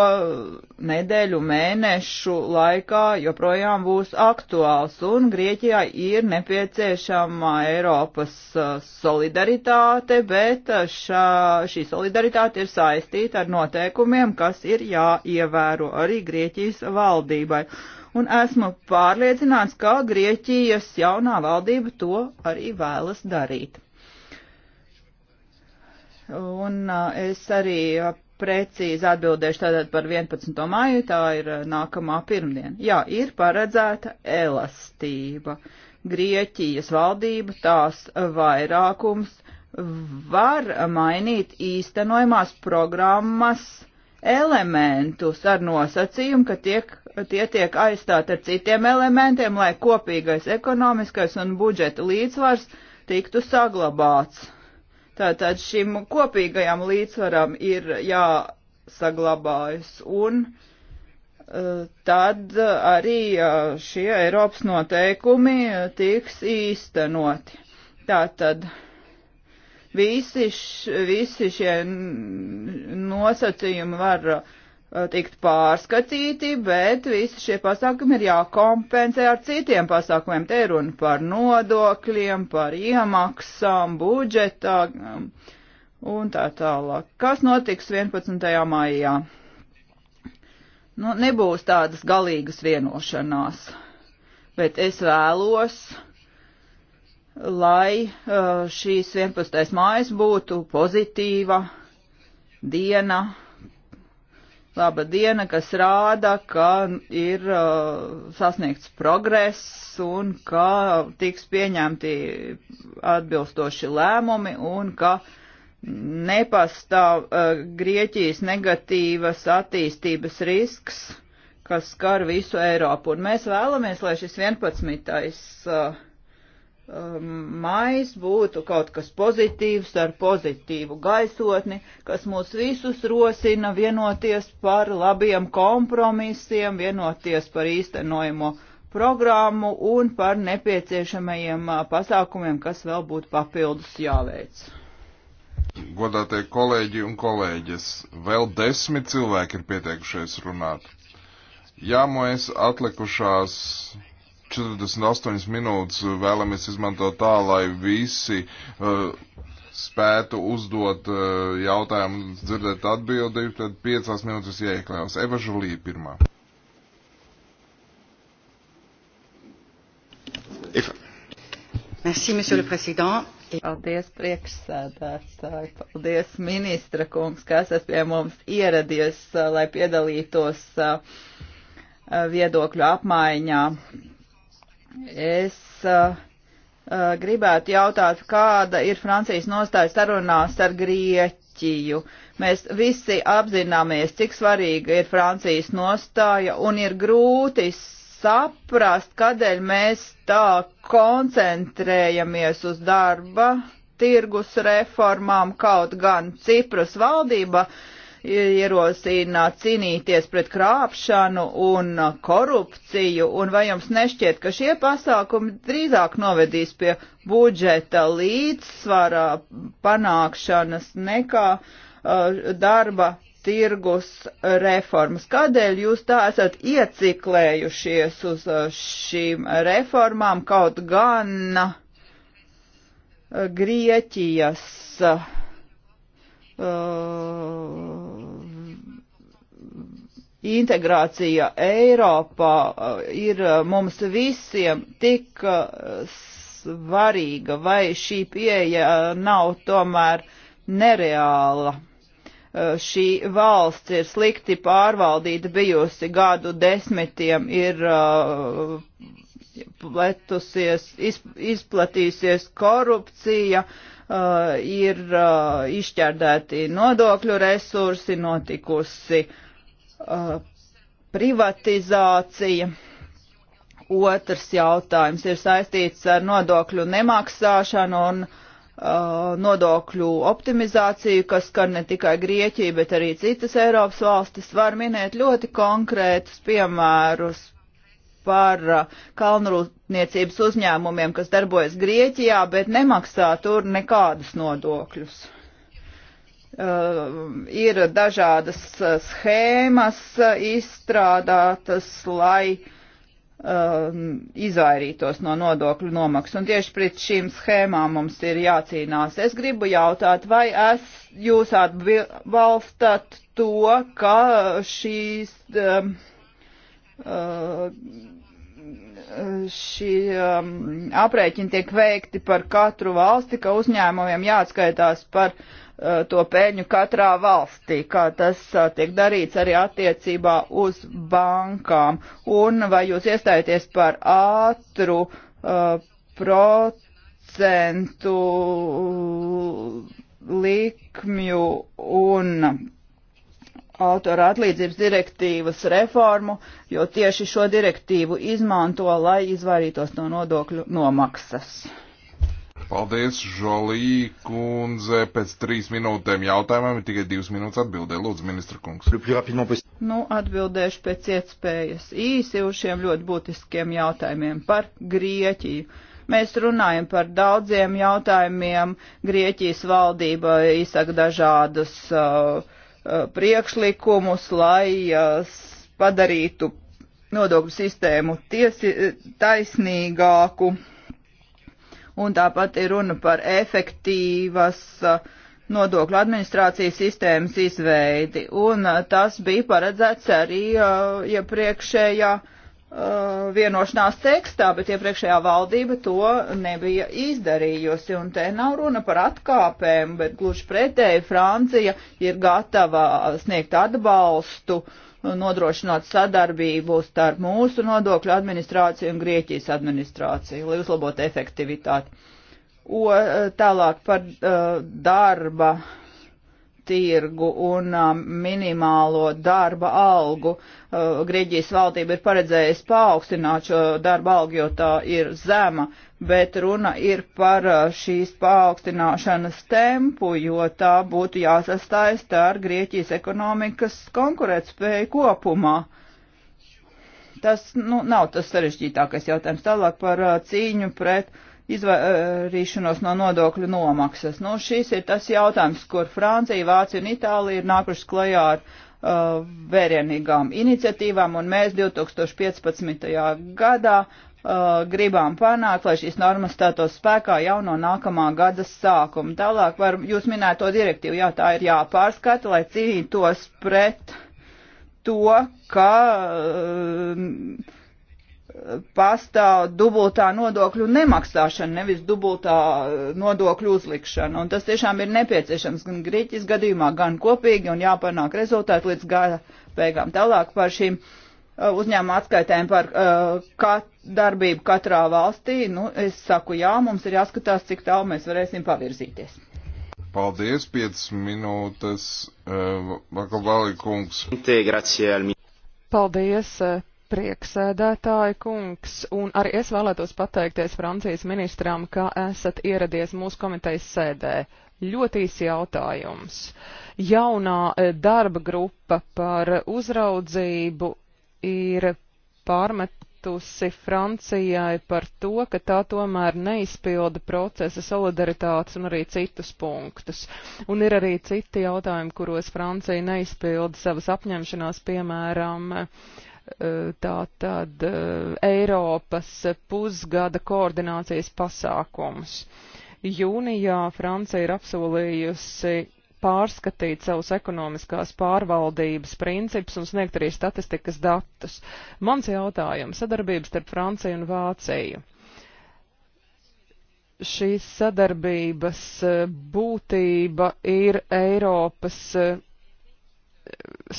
nedēļu mēnešu laikā joprojām būs aktuāls un Grieķijā ir nepieciešama Eiropas uh, solidaritāte, bet uh, šā, šī solidaritāte ir saistīta ar noteikumiem, kas ir jāievēro arī Grieķijas valdībai un esmu pārliecināts, ka Grieķijas jaunā valdība to arī vēlas darīt. Un es arī precīzi atbildēšu tātad par 11. māju, tā ir nākamā pirmdiena. Jā, ir paredzēta elastība. Grieķijas valdība tās vairākums var mainīt īstenojumās programmas elementus ar nosacījumu, ka tiek, tie tiek aizstāti ar citiem elementiem, lai kopīgais ekonomiskais un budžeta līdzsvars tiktu saglabāts. Tātad šim kopīgajam līdzsvaram ir jāsaglabājas un eh, tad arī eh, šie Eiropas noteikumi eh, tiks īstenoti. Tātad. tad Visi, š, visi šie nosacījumi var uh, tikt pārskatīti, bet visi šie pasākumi ir jākompensē ar citiem pasākumiem. Te ir runa par nodokļiem, par iemaksām, budžetā um, un tā tālāk. Kas notiks 11. maijā? Nu, nebūs tādas galīgas vienošanās, bet es vēlos, uh, lai uh, šīs 11. mājas būtu pozitīva diena, laba diena, kas rāda, ka ir uh, sasniegts progress un ka tiks pieņemti atbilstoši lēmumi un ka nepastāv uh, Grieķijas negatīvas attīstības risks, kas skar visu Eiropu. Un mēs vēlamies, lai šis 11. Um, mais būtu kaut kas pozitīvs ar pozitīvu gaisotni, kas mūs visus rosina vienoties par labiem kompromisiem, vienoties par īstenojamo programmu un par nepieciešamajiem uh, pasākumiem, kas vēl būtu papildus jāveic. Godātie kolēģi un kolēģis, vēl desmit cilvēki ir pieteikušies runāt. Jā, mēs atlikušās 48 minūtes vēlamies izmantot tā, lai visi uh, spētu uzdot uh, jautājumu, dzirdēt atbildību, tad 5 minūtes iekļaus. Eva Žulī pirmā. Merci, monsieur le président. Paldies, priekšsēdētāji. Paldies, ministra kungs, ka esat pie mums ieradies, uh, lai piedalītos uh, viedokļu apmaiņā Es uh, uh, gribētu jautāt, kāda ir Francijas nostāja sarunās ar Grieķiju. Mēs visi apzināmies, cik svarīga ir Francijas nostāja un ir grūti saprast, kādēļ mēs tā koncentrējamies uz darba tirgus reformām, kaut gan Cipras valdība uh, ierosina cīnīties pret krāpšanu un korupciju, un vai jums nešķiet, ka šie pasākumi drīzāk novedīs pie budžeta līdzsvarā panākšanas nekā uh, darba tirgus reformas. Kādēļ jūs tā esat ieciklējušies uz uh, šīm reformām, kaut gan uh, Grieķijas uh, integrācija Eiropā uh, ir uh, mums visiem tik uh, svarīga, vai šī pieeja nav tomēr nereāla. Šī valsts ir slikti pārvaldīta bijusi gadu desmitiem, ir pletusies, izplatījusies korupcija, ir izšķērdēti nodokļu resursi, notikusi uh, Uh, privatizācija. Otrs jautājums ir saistīts ar nodokļu nemaksāšanu un uh, nodokļu optimizāciju, kas skar ne tikai Grieķiju, bet arī citas Eiropas valstis. Var minēt ļoti konkrētus piemērus par uh, kalnrūpniecības uzņēmumiem, kas darbojas Grieķijā, bet nemaksā tur nekādus nodokļus. Uh, ir dažādas uh, schēmas uh, izstrādātas, lai um, izvairītos no nodokļu nomaksas. Un tieši pret šīm schēmām mums ir jācīnās. Es gribu jautāt, vai es jūs atbalstat to, ka šīs um, uh, uh, šī um, aprēķina tiek veikti par katru valsti, ka uzņēmumiem jāatskaitās par uh, to pēļņu katrā valstī, kā tas uh, tiek darīts arī attiecībā uz bankām. Un vai jūs iestājaties par ātru uh, procentu likmju un autora atlīdzības direktīvas reformu, jo tieši šo direktīvu izmanto, lai izvairītos no nodokļu nomaksas. Paldies, Žolī kundze. Pēc trīs minūtēm jautājumam ir tikai divas minūtes atbildē. Lūdzu, ministra kungs. Nu, atbildēšu pēc iespējas īsi uz šiem ļoti būtiskiem jautājumiem par Grieķiju. Mēs runājam par daudziem jautājumiem. Grieķijas valdība izsaka dažādas uh, Uh, priekšlikumus, lai uh, padarītu nodokļu sistēmu tiesi, taisnīgāku. Un tāpat ir runa par efektīvas uh, nodokļu administrācijas sistēmas izveidi. Un tas bija paredzēts arī iepriekšējā ja Uh, vienošanās tekstā, bet iepriekšējā valdība to nebija izdarījusi. Un te nav runa par atkāpēm, bet gluži pretēji Francija ir gatava sniegt atbalstu, nodrošināt sadarbību starp mūsu nodokļu administrāciju un Grieķijas administrāciju, lai uzlabotu efektivitāti. O, uh, tālāk par uh, darba uh, tirgu un minimālo darba algu. Grieģijas valdība ir paredzējusi paaugstināt šo darba algu, jo tā ir zema, bet runa ir par šīs paaugstināšanas tempu, jo tā būtu jāsastaista ar Grieķijas ekonomikas konkurētspēju kopumā. Tas nu, nav tas sarežģītākais jautājums. Tālāk par cīņu pret uh, izvairīšanos no nodokļu nomaksas. Nu, šis ir tas jautājums, kur Francija, Vācija un Itālija ir nākušas klajā ar uh, vērienīgām iniciatīvām, un mēs 2015. gadā uh, gribām panākt, lai šīs normas stātos spēkā jau no nākamā gada sākuma. Tālāk var jūs minēto direktīvu, jā, tā ir jāpārskata, lai cīnītos pret to, ka uh, pastāv dubultā nodokļu nemaksāšana, nevis dubultā eh, nodokļu uzlikšana. Un tas tiešām ir nepieciešams gan Grieķijas gadījumā, gan kopīgi un jāpanāk rezultāti līdz gada beigām. Tālāk par šīm eh, uzņēmuma atskaitēm par uh, kat, darbību katrā valstī. Nu, es saku, jā, mums ir jāskatās, cik tālu mēs varēsim pavirzīties. Paldies, 5 minūtes, uh, Vakabalī kungs. Paldies, Prieksēdētāja kungs, un arī es vēlētos pateikties Francijas ministram, ka esat ieradies mūsu komitejas sēdē. Ļoti īsi jautājums. Jaunā e, darba grupa par uzraudzību ir pārmetusi Francijai par to, ka tā tomēr neizpilda procesa solidaritātes un arī citus punktus. Un ir arī citi jautājumi, kuros Francija neizpilda savas apņemšanās, piemēram, Eh, tā tad eh, Eiropas pusgada koordinācijas pasākums. Jūnijā Francija ir apsolījusi pārskatīt savus ekonomiskās pārvaldības principus un sniegt arī statistikas datus. Mans jautājums - sadarbības starp Franciju un Vāciju šīs sadarbības eh, būtība ir Eiropas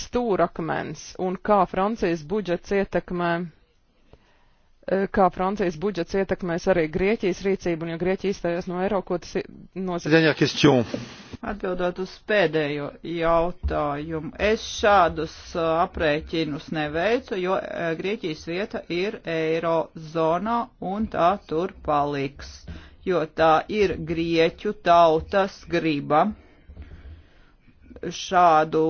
stūrakmens un kā Francijas budžets ietekmē e, kā Francijas budžets ietekmēs arī Grieķijas rīcību, un ja Grieķija izstājas no eiro, ko tas nozīmē? Atbildot uz pēdējo jautājumu, es šādus e, aprēķinus neveicu, jo e, Grieķijas vieta ir eiro zonā, un tā tur paliks, jo tā ir Grieķu tautas griba šādu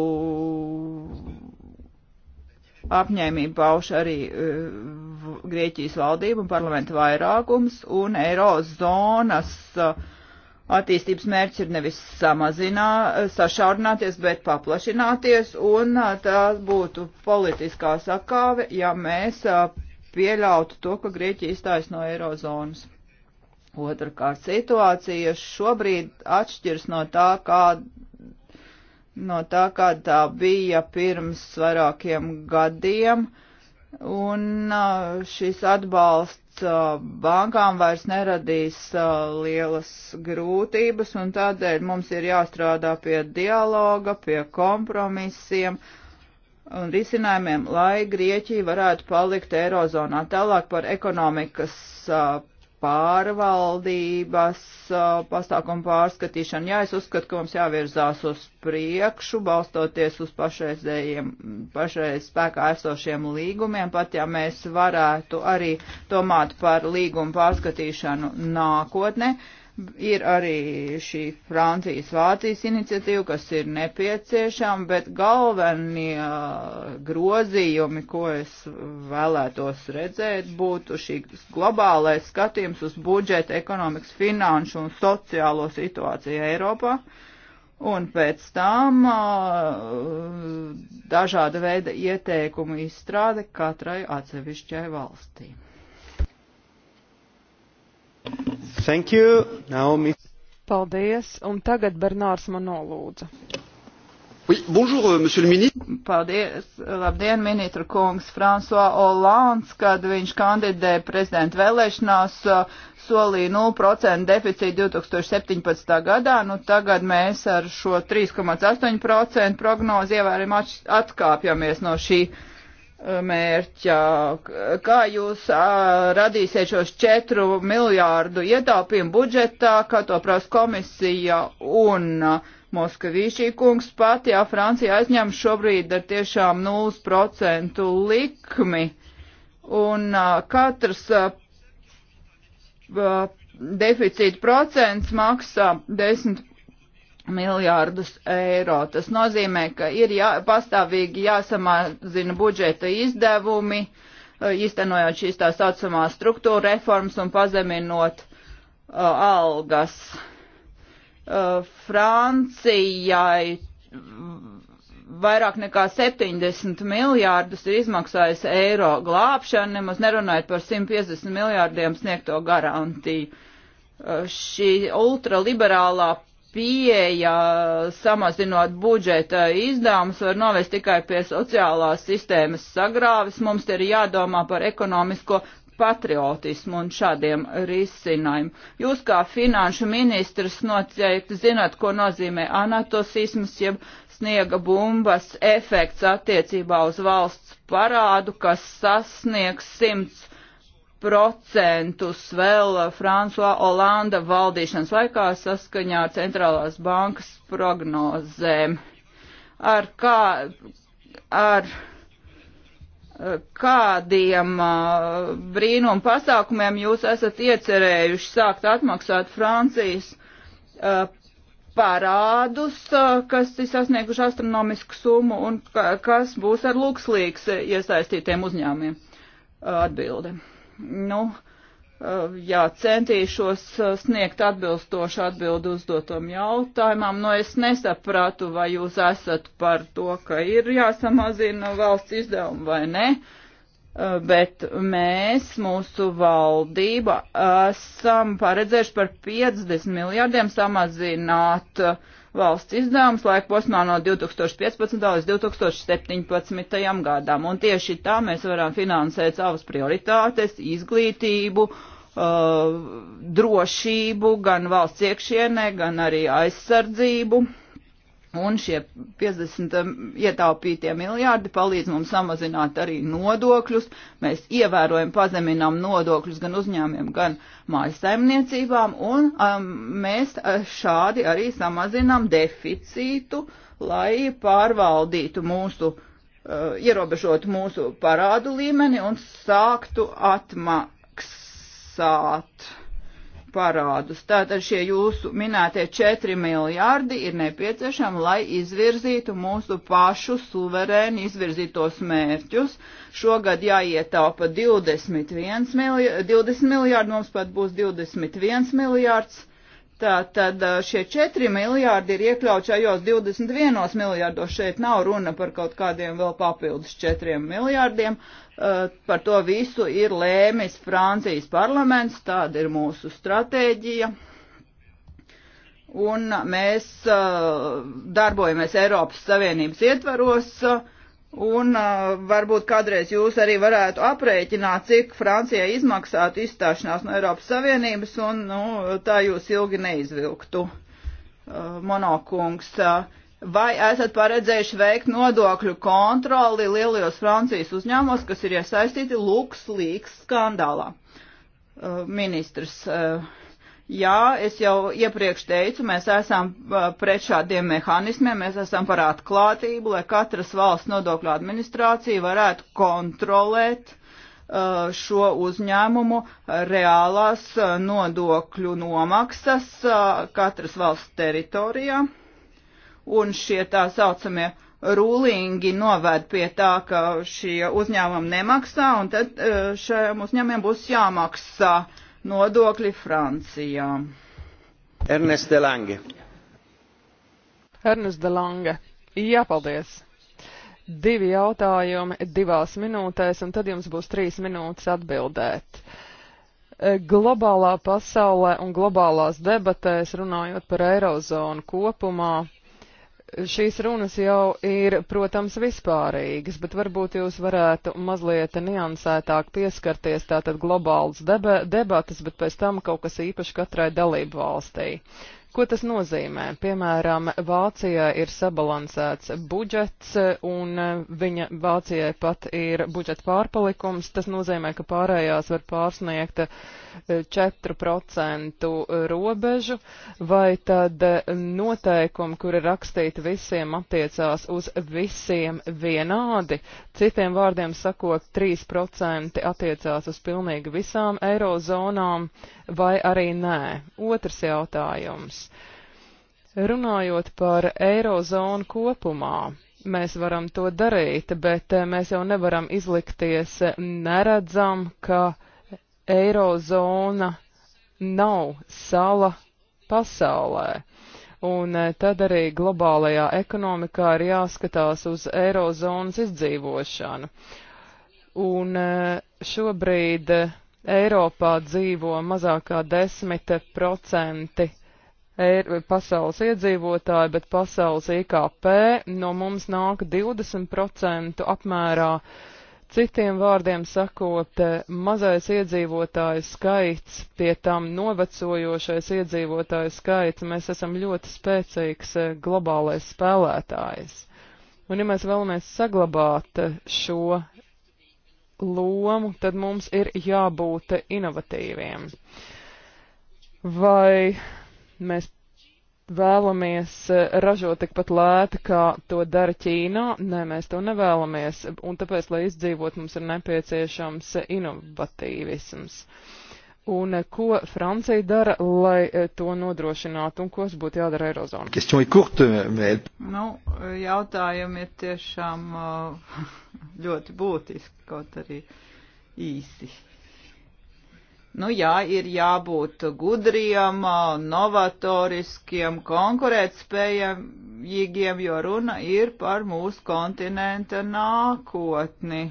apņēmību pauž arī e, Grieķijas valdība un parlamenta vairākums, un eirozonas e, attīstības mērķis ir nevis samazinā, e, sašaurināties, bet paplašināties, un tās būtu politiskā sakāve, ja mēs pieļautu to, ka Grieķija izstājas no eirozonas. Otrakārt, situācija šobrīd atšķirs no tā, kāda no tā, kā tā bija pirms vairākiem gadiem, un šis atbalsts bankām vairs neradīs lielas grūtības, un tādēļ mums ir jāstrādā pie dialoga, pie kompromisiem un risinājumiem, lai Grieķija varētu palikt Eirozonā. Tālāk par ekonomikas pārvaldības uh, pasākumu pārskatīšanu. Jā, es uzskatu, ka mums jāvirzās uz priekšu, balstoties uz pašreizējiem, pašreiz spēkā esošiem līgumiem, pat ja mēs varētu arī domāt par līgumu pārskatīšanu nākotnē. Uh, Ir arī šī Francijas-Vācijas iniciatīva, kas ir nepieciešama, bet galvenie uh, grozījumi, ko es vēlētos redzēt, būtu šī globālais skatījums uz budžeta, ekonomikas, finanšu un sociālo situāciju Eiropā. Un pēc tam uh, dažāda veida ieteikumu izstrāde katrai atsevišķai valstīm. Thank you. Now, Miss... Paldies, un tagad Bernārs man nolūdza. Oui, bonjour, euh, monsieur le ministre. Paldies, labdien, ministra kungs. François Hollands, kad viņš kandidē prezidenta vēlēšanās, uh, solīja 0% deficītu 2017. gadā. Nu, tagad mēs ar šo 3,8% prognozi ievērojam atkāpjamies no šī mērķa. Kā jūs ā, radīsiet šos 4 miljārdu ietaupījumu budžetā, kā to prasa komisija un Moskavīšī kungs pat, jā, Francija aizņem šobrīd ar tiešām 0% likmi un ā, katrs ā, deficīta procents maksā 10 miljārdus eiro. Tas nozīmē, ka ir jā, pastāvīgi jāsamazina budžeta izdevumi, uh, īstenojot šīs tā saucamā struktūra reformas un pazeminot uh, algas. Uh, Francijai vairāk nekā 70 miljārdus ir izmaksājis eiro glābšana, nemaz nerunājot par 150 miljārdiem sniegto garantiju. Uh, šī ultraliberālā pieeja samazinot budžeta izdevumus var novest tikai pie sociālās sistēmas sagrāvis. Mums ir jādomā par ekonomisko patriotismu un šādiem risinājumu. Jūs kā finanšu ministrs noteikti zināt, ko nozīmē anatosisms, jeb sniega bumbas efekts attiecībā uz valsts parādu, kas sasniegs 100 procentus vēl Fransua Olanda valdīšanas laikā saskaņā ar centrālās bankas prognozēm. Ar kā, ar eh, kādiem eh, brīnum pasākumiem jūs esat iecerējuši sākt atmaksāt Francijas eh, parādus, kas ir sasnieguši astronomisku summu un kas būs ar lūkslīgs iesaistītiem uzņēmumiem. Atbilde nu, eh, jā, centīšos eh, sniegt atbilstošu atbildu uzdotam jautājumam. Nu, es nesapratu, vai jūs esat par to, ka ir jāsamazina valsts izdevumi vai ne. Uh, Eh, bet mēs, mūsu valdība, esam paredzējuši par 50 miljardiem samazināt eh, valsts izdevumus laika posmā no 2015. līdz 2017. gadam. Un tieši tā mēs varam finansēt savas prioritātes, izglītību, eh, drošību gan valsts iekšienē, gan arī aizsardzību Un šie 50 um, ietaupītie miljārdi palīdz mums samazināt arī nodokļus. Mēs ievērojam pazeminām nodokļus gan uzņēmiem, gan mājasaimniecībām, un um, mēs uh, šādi arī samazinām deficītu, lai pārvaldītu mūsu, uh, ierobežotu mūsu parādu līmeni un sāktu atmaksāt parādus. Tātad šie jūsu minētie 4 miljārdi ir nepieciešami, lai izvirzītu mūsu pašu suverēni izvirzītos mērķus. Šogad jāietaupa 21 miljārdi, 20 miljārdi, mums pat būs 21 miljārds Tātad šie 4 miljārdi ir iekļauts šajos 21 miljārdos. Šeit nav runa par kaut kādiem vēl papildus 4 miljārdiem. Par to visu ir lēmis Francijas parlaments, tāda ir mūsu stratēģija. Un mēs darbojamies Eiropas Savienības ietvaros Un uh, varbūt kādreiz jūs arī varētu aprēķināt, cik Francijai izmaksātu izstāšanās no Eiropas Savienības, un nu, tā jūs ilgi neizvilktu, uh, monokungs. Uh, vai esat paredzējuši veikt nodokļu kontroli lielajos Francijas uzņēmumos, kas ir iesaistīti Luxlīks skandālā? Uh, ministrs. Uh, Jā, es jau iepriekš teicu, mēs esam uh, pret šādiem mehānismiem, mēs esam par atklātību, lai katras valsts nodokļu administrācija varētu kontrolēt uh, šo uzņēmumu reālās uh, nodokļu nomaksas uh, katras valsts teritorijā. Un šie tā saucamie rūlīgi novērt pie tā, ka šie uzņēmumi nemaksā, un tad uh, šiem uzņēmumiem būs jāmaksā uh, nodokļi Francijā. Ernest de Lange. Ernest de Lange. Jā, paldies. Divi jautājumi divās minūtēs, un tad jums būs trīs minūtes atbildēt. Globālā pasaulē un globālās debatēs runājot par eirozonu kopumā Šīs runas jau ir, protams, vispārīgas, bet varbūt jūs varētu mazliet niansētāk pieskarties tātad globāls debatas, bet pēc tam kaut kas īpaši katrai dalību valstī. Ko tas nozīmē? Piemēram, Vācijai ir sabalansēts budžets un e, viņa Vācijai pat ir budžeta pārpalikums. Tas nozīmē, ka pārējās var pārsniegt 4% e, robežu vai tad e, noteikumi, kuri rakstīti visiem attiecās uz visiem vienādi. Citiem vārdiem sakot, 3% attiecās uz pilnīgi visām eirozonām, vai arī nē. Otrs jautājums. Runājot par eirozonu kopumā, mēs varam to darīt, bet eh, mēs jau nevaram izlikties neredzam, ka eirozona nav sala pasaulē. Un eh, tad arī globālajā ekonomikā ir jāskatās uz eirozonas izdzīvošanu. Un eh, šobrīd Eiropā dzīvo mazākā 10% pasaules iedzīvotāji, bet pasaules IKP no mums nāk 20% apmērā. Citiem vārdiem sakot, mazais iedzīvotāju skaits, pie tam novecojošais iedzīvotāju skaits, mēs esam ļoti spēcīgs eh, globālais spēlētājs. Un ja mēs vēlamies saglabāt eh, šo lomu, tad mums ir jābūt inovatīviem. Vai mēs vēlamies eh, ražot tikpat lēti, kā to dara Ķīnā? Nē, mēs to nevēlamies, un tāpēc, lai izdzīvot, mums ir nepieciešams inovatīvisms. Uh, un eh, ko Francija dara, lai eh, to nodrošinātu, un ko būtu jādara Eirozonā? Nu, jautājumi ir tiešām eh, ļoti būtiski, kaut arī īsi. Nu jā, ir jābūt gudriem, novatoriskiem, konkurētspējīgiem, jo runa ir par mūsu kontinenta nākotni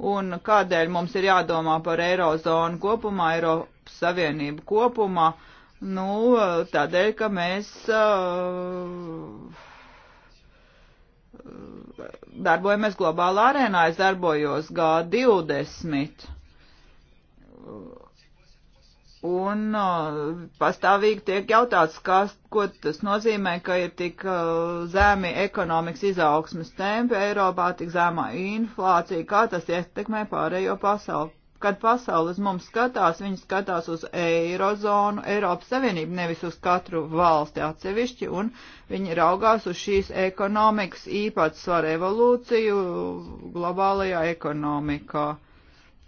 un kādēļ mums ir jādomā par Eirozonu kopumā, Eiropas Savienību kopumā, nu, tādēļ, ka mēs uh, darbojamies globālā arēnā, es darbojos G20 Un uh, pastāvīgi tiek jautāts, kas, ko tas nozīmē, ka ir tik uh, zemi ekonomikas izaugsmas tempi Eiropā, tik zemā inflācija, kā tas ietekmē pārējo pasauli. Kad pasauli uz mums skatās, viņi skatās uz Eirozonu, Eiropas Savienību, nevis uz katru valsti atsevišķi, un viņi raugās uz šīs ekonomikas īpatsvaru evolūciju globālajā ekonomikā. Uh,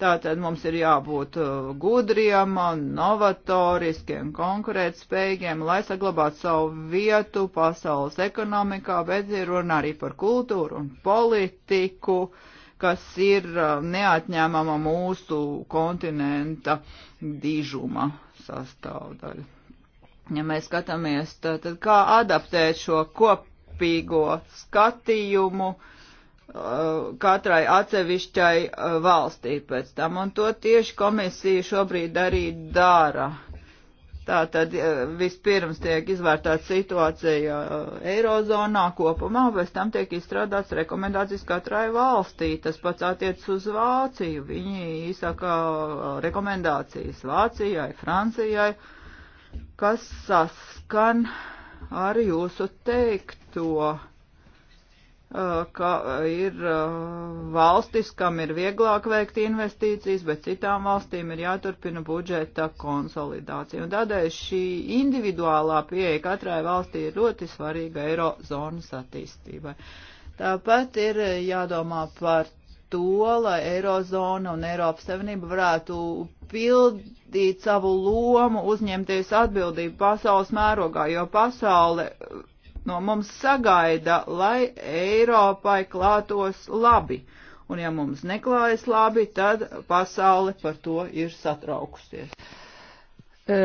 Tātad mums ir jābūt uh, gudriem, novatoriskiem, konkurētspējīgiem, lai saglabātu savu vietu pasaules ekonomikā, bet ir runa arī par kultūru un politiku, kas ir uh, neatņēmama mūsu kontinenta dižuma sastāvdaļa. Ja mēs skatāmies, tad kā adaptēt šo kopīgo skatījumu, uh, Uh, katrai atsevišķai uh, valstī pēc tam, un to tieši komisija šobrīd arī dara. Tā tad uh, vispirms tiek izvērtāta situācija Eirozonā kopumā, pēc tam tiek izstrādāts rekomendācijas katrai valstī. Tas pats attiec uz Vāciju. Viņi izsaka rekomendācijas Vācijai, Francijai, kas saskan ar jūsu teikto Eh, ka ir eh, valstis, kam ir vieglāk veikt investīcijas, bet citām valstīm ir jāturpina budžeta konsolidācija. Un tādēļ šī individuālā pieeja katrai valstī ir ļoti svarīga eirozonas attīstībai. Tāpat ir eh, jādomā par to, lai Eirozona un Eiropas Savienība varētu pildīt savu lomu, uzņemties atbildību pasaules mērogā, jo pasaule no mums sagaida, lai Eiropai klātos labi. Un ja mums neklājas labi, tad pasaule par to ir satraukusies. E,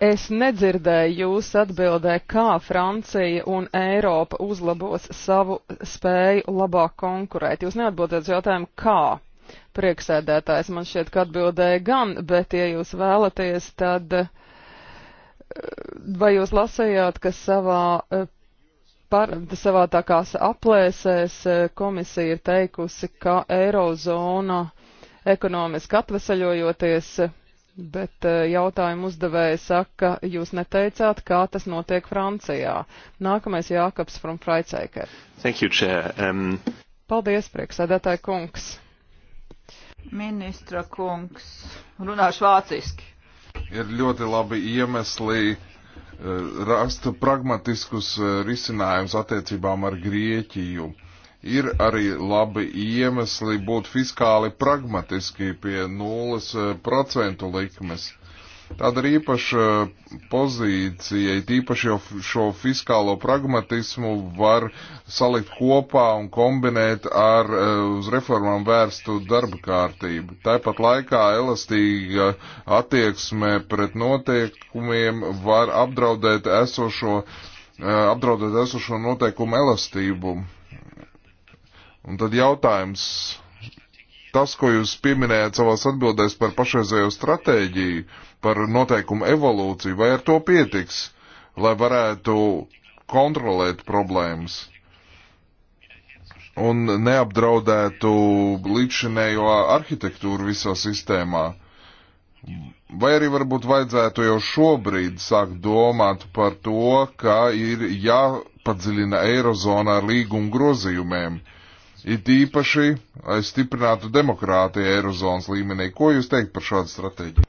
es nedzirdēju jūs atbildē, kā Francija un Eiropa uzlabos savu spēju labāk konkurēt. Jūs neatbildējat jautājumu, kā prieksēdētājs man šķiet, ka atbildēja gan, bet ja jūs vēlaties, tad e, vai jūs lasējāt, ka savā e, par savā tā kā aplēsēs e, komisija ir teikusi, ka eirozona ekonomiski atvesaļojoties, bet e, jautājumu uzdevēja saka, jūs neteicāt, kā tas notiek Francijā. Nākamais Jākaps from Freiceiker. Thank you, Chair. Um... Paldies, prieksēdētāji kungs. Ministra kungs, runāšu vāciski. Ir ļoti labi iemesli rast pragmatiskus eh, risinājumus attiecībām ar Grieķiju. Ir arī labi iemesli būt fiskāli pragmatiski pie nulles eh, procentu likmes. Tāda ir īpaša pozīcija, īpaši jau šo fiskālo pragmatismu var salikt kopā un kombinēt ar e, uz reformām vērstu darba kārtību. Tāpat laikā elastīga attieksme pret noteikumiem var apdraudēt esošo, e, apdraudēt esošo noteikumu elastību. Un tad jautājums tas, ko jūs pieminējāt savās atbildēs par pašreizējo stratēģiju, par noteikumu evolūciju, vai ar to pietiks, lai varētu kontrolēt problēmas un neapdraudētu līdzšinējo arhitektūru visā sistēmā? Vai arī varbūt vajadzētu jau šobrīd sākt domāt par to, ka ir jāpadziļina Eirozonā līguma grozījumiem? It īpaši, lai stiprinātu demokrātiju Eirozonas līmenī. Ko jūs teikt par šādu stratēģiju?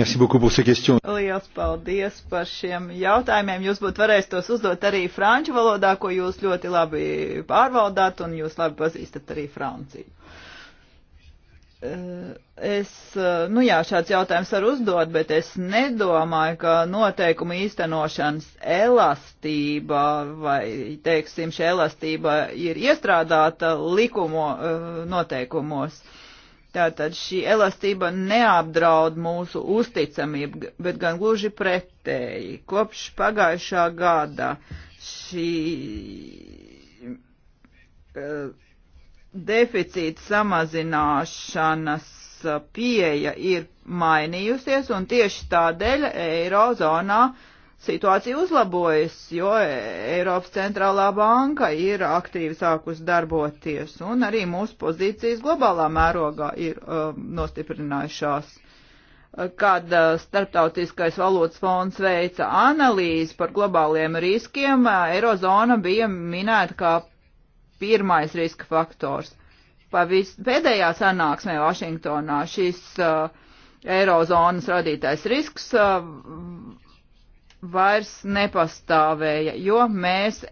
Merci beaucoup pour ces questions. Lielas paldies par šiem jautājumiem. Jūs būtu varējis tos uzdot arī franču valodā, ko jūs ļoti labi pārvaldāt, un jūs labi pazīstat arī Franciju. Es, eh, nu jā, šāds jautājums var uzdot, bet es nedomāju, ka noteikuma īstenošanas elastība vai, teiksim, šī elastība ir iestrādāta likumo eh, noteikumos. Tātad šī elastība neapdraud mūsu uzticamību, bet gan gluži pretēji. Kopš pagājušā gada šī. Uh, deficīta samazināšanas uh, pieeja ir mainījusies, un tieši tādēļ Eirozonā situācija uzlabojas, jo e-, Eiropas centrālā banka ir aktīvi sākus darboties, un arī mūsu pozīcijas globālā mērogā ir uh, nostiprinājušās. Kad uh, Starptautiskais valūtas fonds veica analīzi par globāliem riskiem, uh, Eirozona bija minēta kā pirmais riska faktors. Pavis, pēdējā sanāksmē Vašingtonā šis uh, eirozonas radītais risks uh, vairs nepastāvēja, jo mēs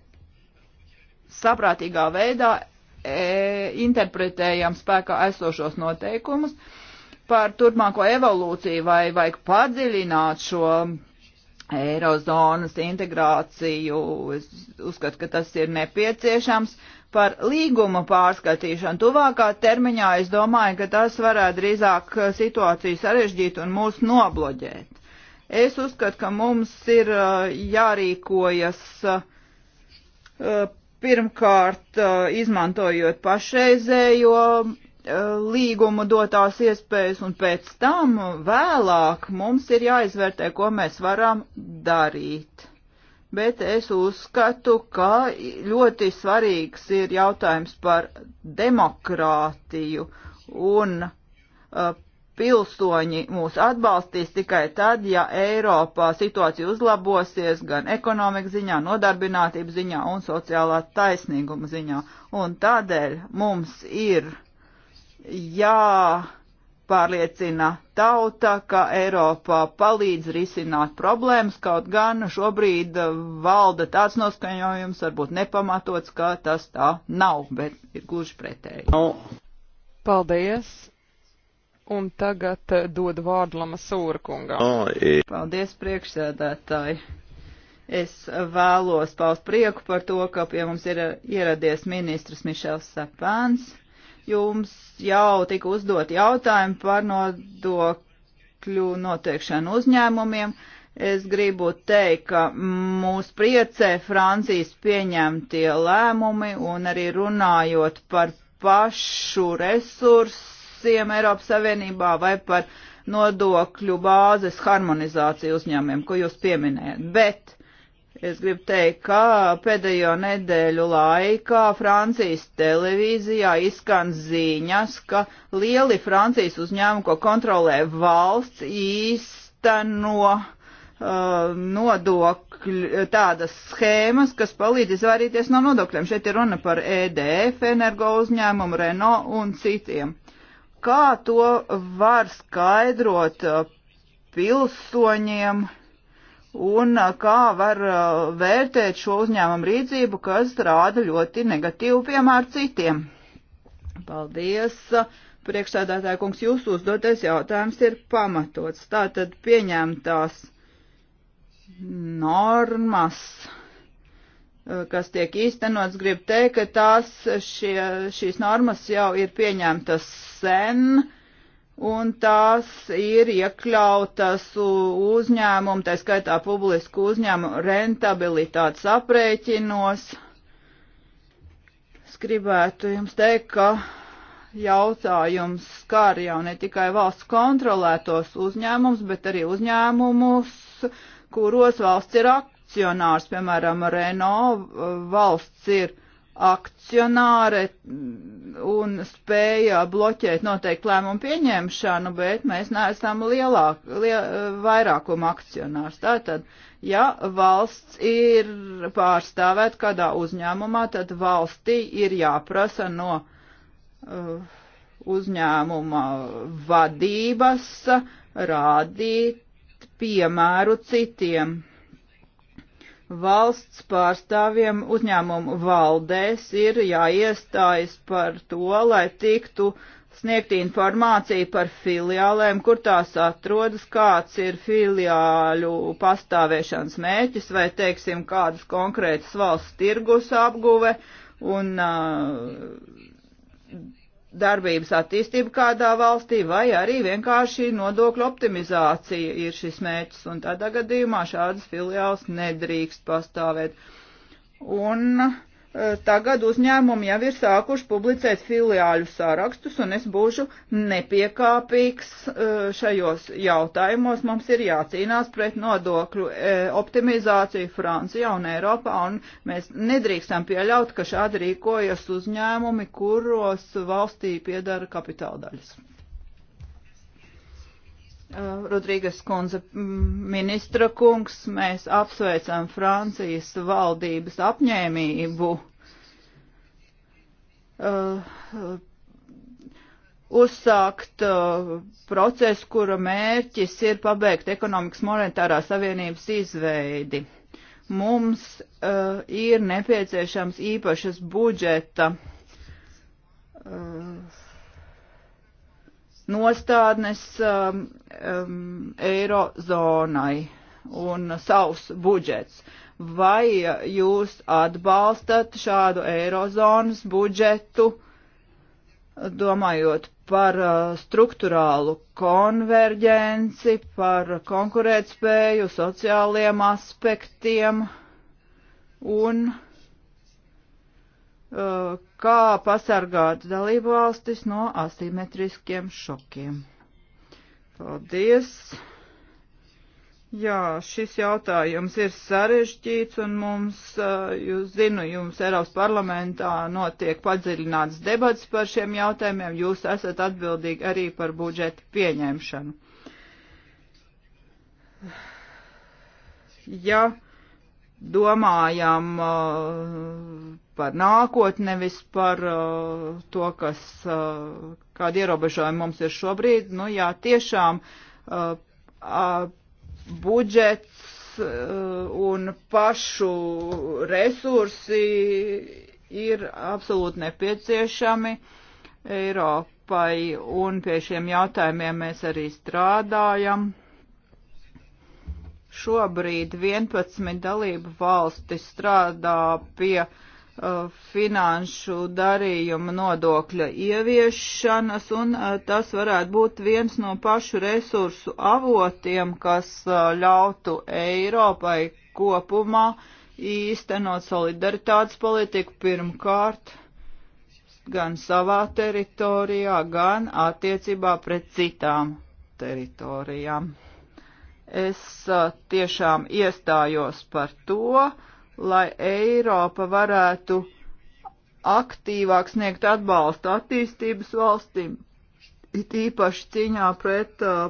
saprātīgā veidā e, interpretējam spēkā esošos noteikumus par turpmāko evolūciju, vai vajag padziļināt šo eirozonas integrāciju. Es uzskatu, ka tas ir nepieciešams. Uh, par līguma pārskatīšanu. Tuvākā termiņā es domāju, ka tas varētu drīzāk eh, situāciju sarežģīt un mūs nobloģēt. Es uzskatu, ka mums ir eh, jārīkojas eh, pirmkārt izmantojot pašreizējo līgumu dotās iespējas, un pēc tam vēlāk mums ir jāizvērtē, ko mēs varam darīt bet es uzskatu, ka ļoti svarīgs ir jautājums par demokrātiju un uh, pilsoņi mūs atbalstīs tikai tad, ja Eiropā situācija uzlabosies gan ekonomikas ziņā, nodarbinātības ziņā un sociālā taisnīguma ziņā. Un tādēļ mums ir jā. Ja jāpārliecina tauta, ka Eiropā palīdz risināt problēmas, kaut gan šobrīd uh, valda tāds noskaņojums, varbūt nepamatots, ka tas tā nav, bet ir gluži pretēji. Paldies! Un tagad uh, dodu vārdu Lama Sūrkungam. Paldies, priekšsēdētāji! Es vēlos paust prieku par to, ka pie mums ir uh, ieradies ministrs Mišels Sepēns Jums jau tika uzdot jautājumi par nodokļu noteikšanu uzņēmumiem. Es gribu teikt, ka mūs priecē Francijas pieņemtie lēmumi un arī runājot par pašu resursiem Eiropas Savienībā vai par nodokļu bāzes harmonizāciju uzņēmumiem, ko jūs pieminējat. Bet Es gribu teikt, ka pēdējo nedēļu laikā Francijas televīzijā izskan ziņas, ka lieli Francijas uzņēmumi, ko kontrolē valsts, īsteno uh, nodokļu tādas schēmas, kas palīdz izvairīties no nodokļiem. Šeit ir runa par EDF, energo uzņēmumu, Renault un citiem. Kā to var skaidrot uh, pilsoņiem? un uh, kā var uh, vērtēt šo uzņēmumu rīcību, kas rāda ļoti negatīvu piemēru citiem. Paldies! Uh, priekšsēdētāja kungs, jūsu uzdotais jautājums ir pamatots. Tātad pieņemtās normas, kas tiek īstenots, grib teikt, ka tās šie, šīs normas jau ir pieņemtas sen, uh, un tās ir iekļautas uzņēmumu, tā skaitā publisku uzņēmumu rentabilitātes aprēķinos. Es gribētu jums teikt, ka jautājums skar jau ne tikai valsts kontrolētos uzņēmumus, bet arī uzņēmumus, kuros valsts ir akcionārs, piemēram, Renault valsts ir akcionārs akcionāre un spēja bloķēt noteikti lēmumu pieņemšanu, bet mēs neesam lielāk, liel, vairākuma akcionārs. Tātad, ja valsts ir pārstāvēt kādā uzņēmumā, tad valstī ir jāprasa no uh, uzņēmuma vadības rādīt piemēru citiem valsts pārstāvjiem uzņēmumu valdēs ir jāiestājas par to, lai tiktu sniegt informāciju par filiālēm, kur tās atrodas, kāds ir filiāļu pastāvēšanas mēķis vai, teiksim, kādas konkrētas valsts tirgus apguve un uh, darbības attīstība kādā valstī, vai arī vienkārši nodokļu optimizācija ir šis mērķis, un tādā gadījumā šādas filiāls nedrīkst pastāvēt. Un tagad uzņēmumi jau ir sākuši publicēt filiāļu sārakstus, un es būšu nepiekāpīgs e, šajos jautājumos. Mums ir jācīnās pret nodokļu e, optimizāciju Francijā un Eiropā, un mēs nedrīkstam pieļaut, ka šādi rīkojas uzņēmumi, kuros valstī piedara kapitāla daļas. E, Rodrīgas kundze, ministra kungs, mēs apsveicam Francijas valdības apņēmību Uh, uh, uzsākt uh, procesu, kura mērķis ir pabeigt ekonomikas monetārā savienības izveidi. Mums uh, ir nepieciešams īpašas budžeta uh, nostādnes um, um, eirozonai un savs budžets. Uh, vai jūs atbalstat šādu eirozonas budžetu, domājot par uh, struktūrālu konverģenci, par konkurētspēju, sociāliem aspektiem un uh, kā pasargāt dalību valstis no asimetriskiem šokiem. Paldies! Jā, šis jautājums ir sarežģīts, un mums, jūs zinu, jums Eiropas parlamentā notiek padziļināts debats par šiem jautājumiem, jūs esat atbildīgi arī par budžeta pieņemšanu. Ja domājam par nākotni, nevis par to, kas, kādi ierobežojumi mums ir šobrīd, nu jā, tiešām budžets eh, un pašu resursi ir absolūti nepieciešami Eiropai, un pie šiem jautājumiem mēs arī strādājam. Šobrīd 11 dalību valsti strādā pie uh, Uh, finanšu darījuma nodokļa ieviešanas, un uh, tas varētu būt viens no pašu resursu avotiem, kas uh, ļautu Eiropai kopumā īstenot solidaritātes politiku pirmkārt gan savā teritorijā, gan attiecībā pret citām teritorijām. Es tiešām iestājos par to, lai Eiropa varētu aktīvāk sniegt atbalstu attīstības valstīm, it īpaši cīņā pret uh,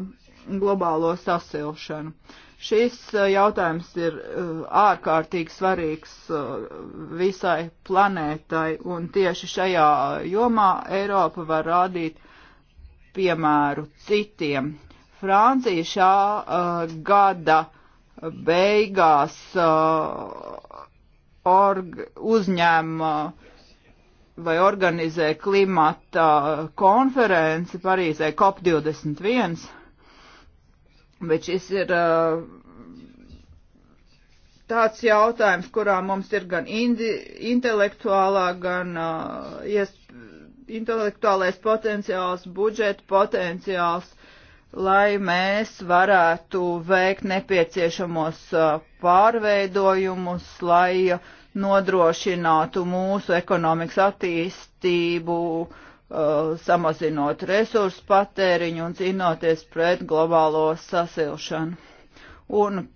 globālo sasilšanu. Šis uh, jautājums ir uh, ārkārtīgi svarīgs uh, visai planētai, un tieši šajā jomā Eiropa var rādīt piemēru citiem. Francija šā uh, gada uh, beigās uh, org, uzņēma uh, vai organizē klimata konferenci Parīzē COP21, bet šis ir uh, tāds jautājums, kurā mums ir gan indi, intelektuālā, gan uh, ies, intelektuālais potenciāls, budžeta potenciāls, lai mēs varētu veikt nepieciešamos pārveidojumus, lai nodrošinātu mūsu ekonomikas attīstību, samazinot resursu patēriņu un cīnoties pret globālo sasilšanu. Un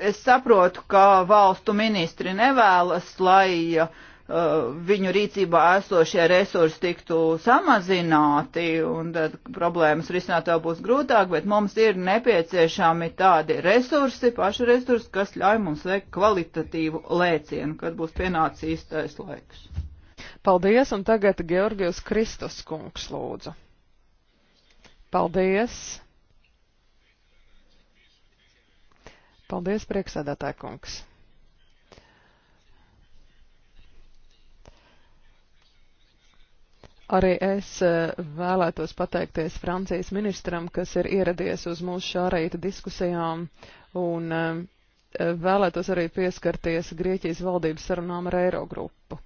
es saprotu, ka valstu ministri nevēlas, lai uh, Uh, viņu rīcībā esošie resursi tiktu samazināti un tad problēmas risināt vēl būs grūtāk, bet mums ir nepieciešami tādi resursi, paši resursi, kas ļauj mums veikt kvalitatīvu lēcienu, kad būs pienācis īstais laiks. Paldies, un tagad Georgijus Kristus kungs lūdzu. Paldies. Paldies, prieksēdētāji kungs. Arī es e, vēlētos pateikties Francijas ministram, kas ir ieradies uz mūsu šā reita diskusijām, un e, e, vēlētos arī pieskarties Grieķijas valdības sarunām ar Eirogrupu.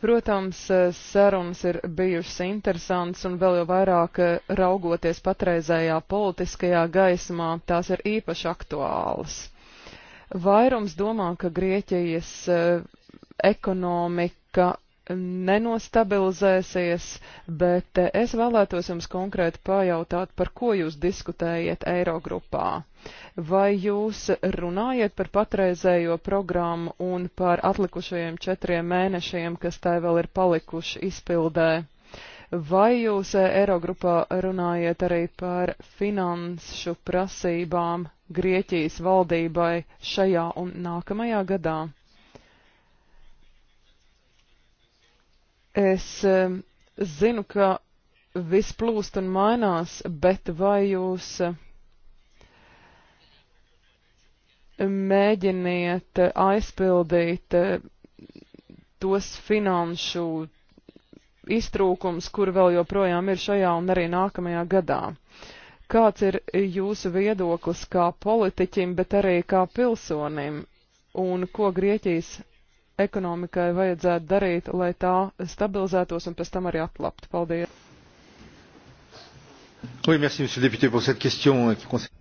Protams, sarunas ir bijušas interesantas un vēl jau vairāk raugoties patreizējā politiskajā gaismā, tās ir īpaši aktuālas. Vairums domā, ka Grieķijas ekonomika nenostabilizēsies, bet es vēlētos jums konkrēti pajautāt, par ko jūs diskutējat Eirogrupā. Vai jūs runājat par patreizējo programmu un par atlikušajiem četriem mēnešiem, kas tai vēl ir palikuši izpildē? Vai jūs Eirogrupā runājat arī par finanšu prasībām Grieķijas valdībai šajā un nākamajā gadā? Es zinu, ka viss plūst un mainās, bet vai jūs mēģiniet aizpildīt tos finanšu iztrūkums, kur vēl joprojām ir šajā un arī nākamajā gadā. Kāds ir jūsu viedoklis kā politiķim, bet arī kā pilsonim, un ko Grieķijas ekonomikai vajadzētu darīt, lai tā stabilizētos un pēc tam arī atlapt. Paldies! Oui, merci, député, pour cette question.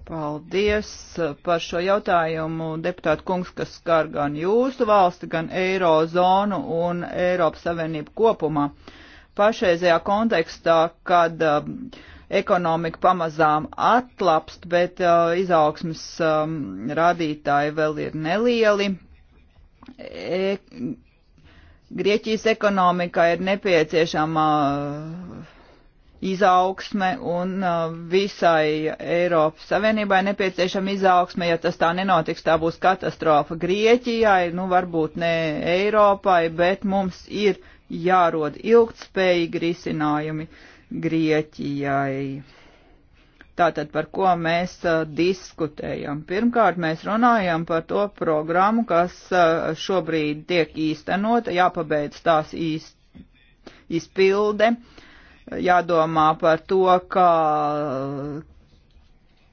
Paldies uh, par šo jautājumu, deputāta kungs, kas skar gan jūsu valsti, gan Eirozonu un Eiropas Savienību kopumā. Pašreizajā kontekstā, kad uh, ekonomika pamazām atlapst, bet uh, izaugsmas um, rādītāji vēl ir nelieli e Grieķijas ekonomikā ir nepieciešama e, izaugsme un e, visai Eiropas Savienībai nepieciešama izaugsme. Ja tas tā nenotiks, tā būs katastrofa Grieķijai, nu varbūt ne Eiropai, bet mums ir jārod ilgtspējīgi risinājumi Grieķijai. Tātad par ko mēs uh, diskutējam? Pirmkārt, mēs runājam par to programmu, kas uh, šobrīd tiek īstenota, jāpabeidz tās īst, izpilde, jādomā par to, kā,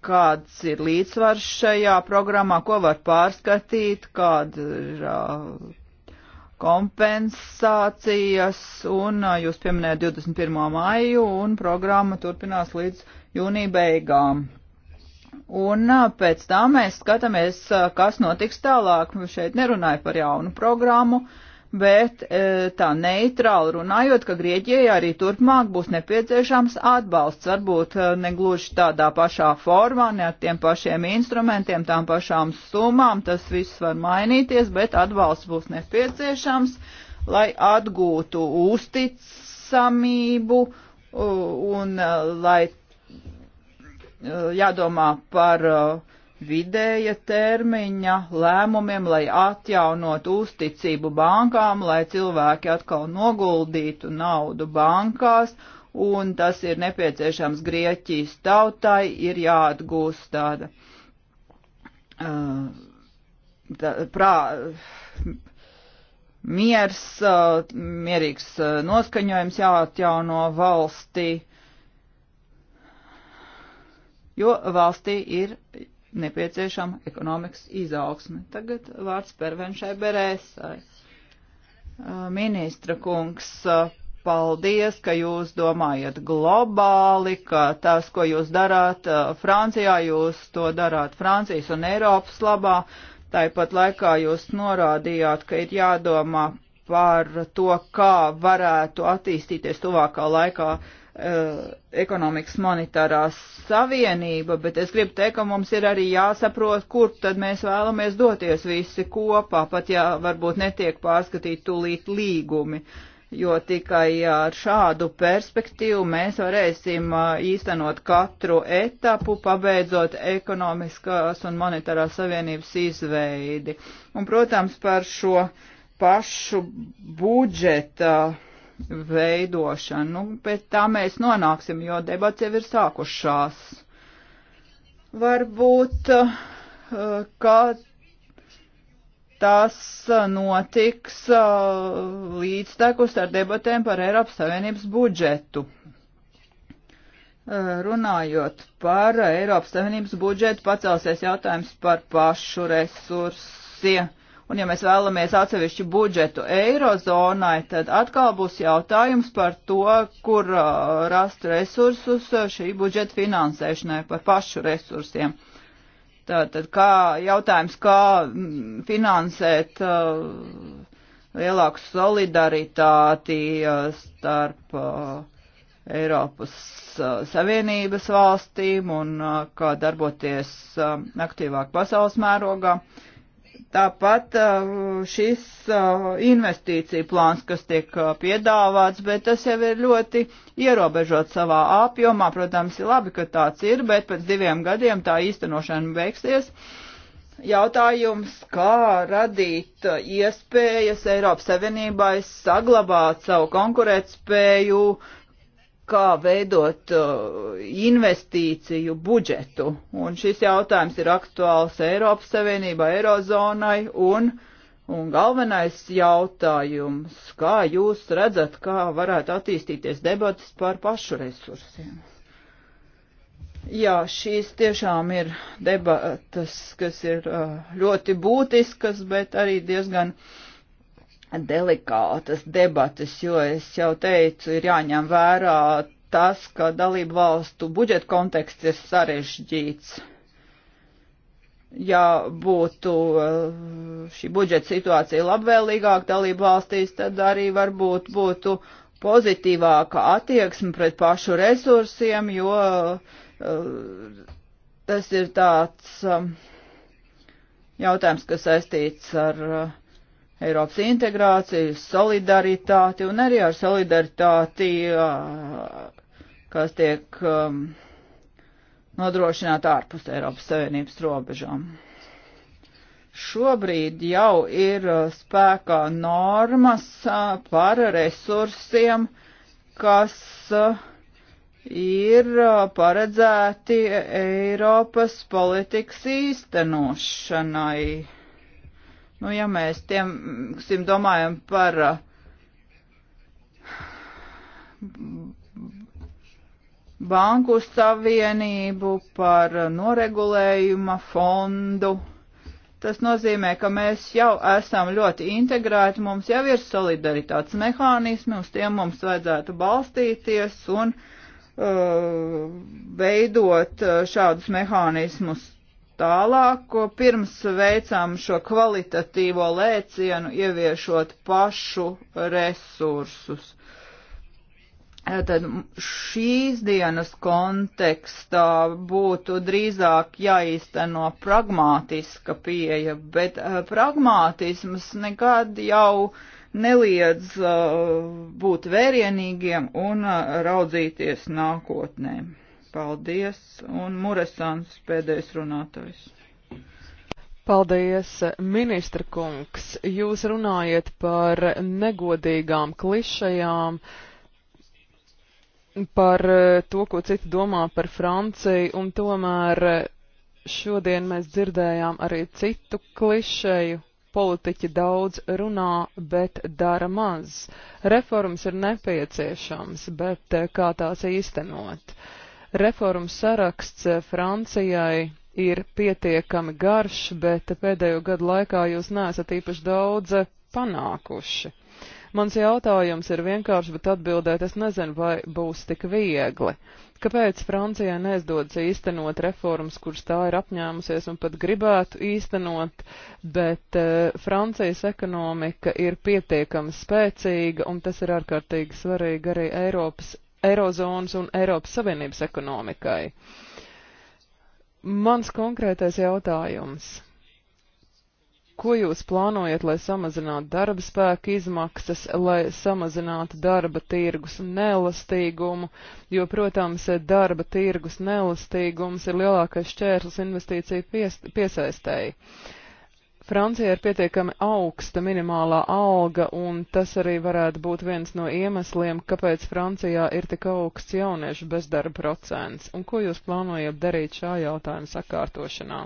kāds ir līdzsvars šajā programmā, ko var pārskatīt, kāda ir uh, kompensācijas, un uh, jūs pieminējat 21. maiju, un programma turpinās līdz jūnija beigām. Un pēc tam mēs skatāmies, kas notiks tālāk. Šeit nerunāju par jaunu programmu, bet tā neitrāli runājot, ka Grieķijai arī turpmāk būs nepieciešams atbalsts, varbūt negluži tādā pašā formā, ne ar tiem pašiem instrumentiem, tām pašām summām, tas viss var mainīties, bet atbalsts būs nepieciešams, lai atgūtu uzticamību un lai Eh, jādomā par eh, vidēja termiņa lēmumiem, lai atjaunot uzticību bankām, lai cilvēki atkal noguldītu naudu bankās, un tas ir nepieciešams Grieķijas tautai, ir jāatgūst tāda uh, tā, prā, miers, uh, mierīgs uh, noskaņojums jāatjauno valstī jo valstī ir nepieciešama ekonomikas izaugsme. Tagad vārds pervenšai Berēsai. Ministra kungs, paldies, ka jūs domājat globāli, ka tas, ko jūs darāt Francijā, jūs to darāt Francijas un Eiropas labā. Tāpat laikā jūs norādījāt, ka ir jādomā par to, kā varētu attīstīties tuvākā laikā uh, Eh, ekonomikas monetārā savienība, bet es gribu teikt, ka mums ir arī jāsaprot, kur tad mēs vēlamies doties visi kopā, pat ja varbūt netiek pārskatīt tūlīt līgumi, jo tikai ar šādu perspektīvu mēs varēsim eh, īstenot katru etapu, pabeidzot ekonomiskās un monetārās savienības izveidi. Un, protams, par šo pašu budžeta uh, veidošanu, nu, bet tā mēs nonāksim, jo debats jau ir sākušās. Varbūt, eh, ka tas eh, notiks eh, līdztekus ar debatēm par Eiropas Savienības budžetu. Runājot par Eiropas Savienības budžetu, pacelsies jautājums par pašu resursiem Un ja mēs vēlamies atsevišķu budžetu eirozonai, tad atkal būs jautājums par to, kur uh, rast resursus uh, šī budžeta finansēšanai par pašu resursiem. Tātad kā jautājums, kā mm, finansēt uh, lielāku solidaritāti uh, starp uh, Eiropas uh, Savienības valstīm un kā darboties aktīvāk pasaules mērogā. Tāpat šis investīcija plāns, kas tiek piedāvāts, bet tas jau ir ļoti ierobežot savā apjomā. Protams, ir labi, ka tāds ir, bet pēc diviem gadiem tā īstenošana beigsies. Jautājums, kā radīt iespējas Eiropas Savienībai saglabāt savu konkurētspēju, uh, kā veidot uh, investīciju budžetu. Un šis jautājums ir aktuāls Eiropas Savienībā, Eirozonai un, un galvenais jautājums, kā jūs redzat, kā varētu attīstīties debatas par pašu resursiem. Jā, šīs tiešām ir debatas, kas ir uh, ļoti būtiskas, bet arī diezgan uh, delikātas debatas, jo es jau teicu, ir jāņem vērā tas, ka dalību valstu budžeta konteksts ir sarežģīts. Ja būtu eh, šī budžeta situācija labvēlīgāk dalību valstīs, tad arī varbūt būtu pozitīvāka attieksme pret pašu resursiem, jo eh, tas ir tāds eh, jautājums, kas saistīts ar Eiropas integrāciju, solidaritāti un arī ar solidaritāti, kas tiek nodrošināta ārpus Eiropas Savienības robežām. Šobrīd jau ir spēkā normas par resursiem, kas ir paredzēti Eiropas politikas īstenošanai Nu, ja mēs tiem domājam par uh, banku savienību, par noregulējuma fondu, tas nozīmē, ka mēs jau esam ļoti integrēti, mums jau ir solidaritātes mehānismi, uz tiem mums vajadzētu balstīties un uh, veidot uh, šādus mehānismus Tālāk, ko pirms veicām šo kvalitatīvo lēcienu, ieviešot pašu resursus. Tad šīs dienas kontekstā būtu drīzāk jāīsteno pragmātiska pieeja, bet eh, pragmātisms nekad jau neliedz eh, būt vērienīgiem un eh, raudzīties nākotnēm. Paldies, un Muresāns pēdējais runātājs. Paldies, ministra kungs. Jūs runājat par negodīgām klišajām, par eh, to, ko citi domā par Franciju, un tomēr eh, šodien mēs dzirdējām arī citu klišeju. Politiķi daudz runā, bet dara maz. Reformas ir nepieciešams, bet eh, kā tās īstenot? Uh, Reformu saraksts eh, Francijai ir pietiekami garš, bet pēdējo gadu laikā jūs neesat īpaši daudz eh, panākuši. Mans jautājums ir vienkārši, bet atbildēt es nezinu, vai būs tik viegli. Kāpēc Francijai neizdodas īstenot reformas, kuras tā ir apņēmusies un pat gribētu īstenot, bet uh, Francijas ekonomika ir pietiekami spēcīga, un tas ir ārkārtīgi svarīgi arī Eiropas Eirozonas un Eiropas Savienības ekonomikai. Mans konkrētais jautājums. Ko jūs plānojat, lai samazinātu darba spēka izmaksas, lai samazinātu darba tirgus nelastīgumu, jo, protams, darba tirgus nelastīgums ir lielākais šķērslis investīciju pies piesaistēji. Francijā ir pietiekami augsta minimālā alga, un tas arī varētu būt viens no iemesliem, kāpēc Francijā ir tik augsts jauniešu bezdarba procents. Un ko jūs plānojat darīt šā jautājuma sakārtošanā?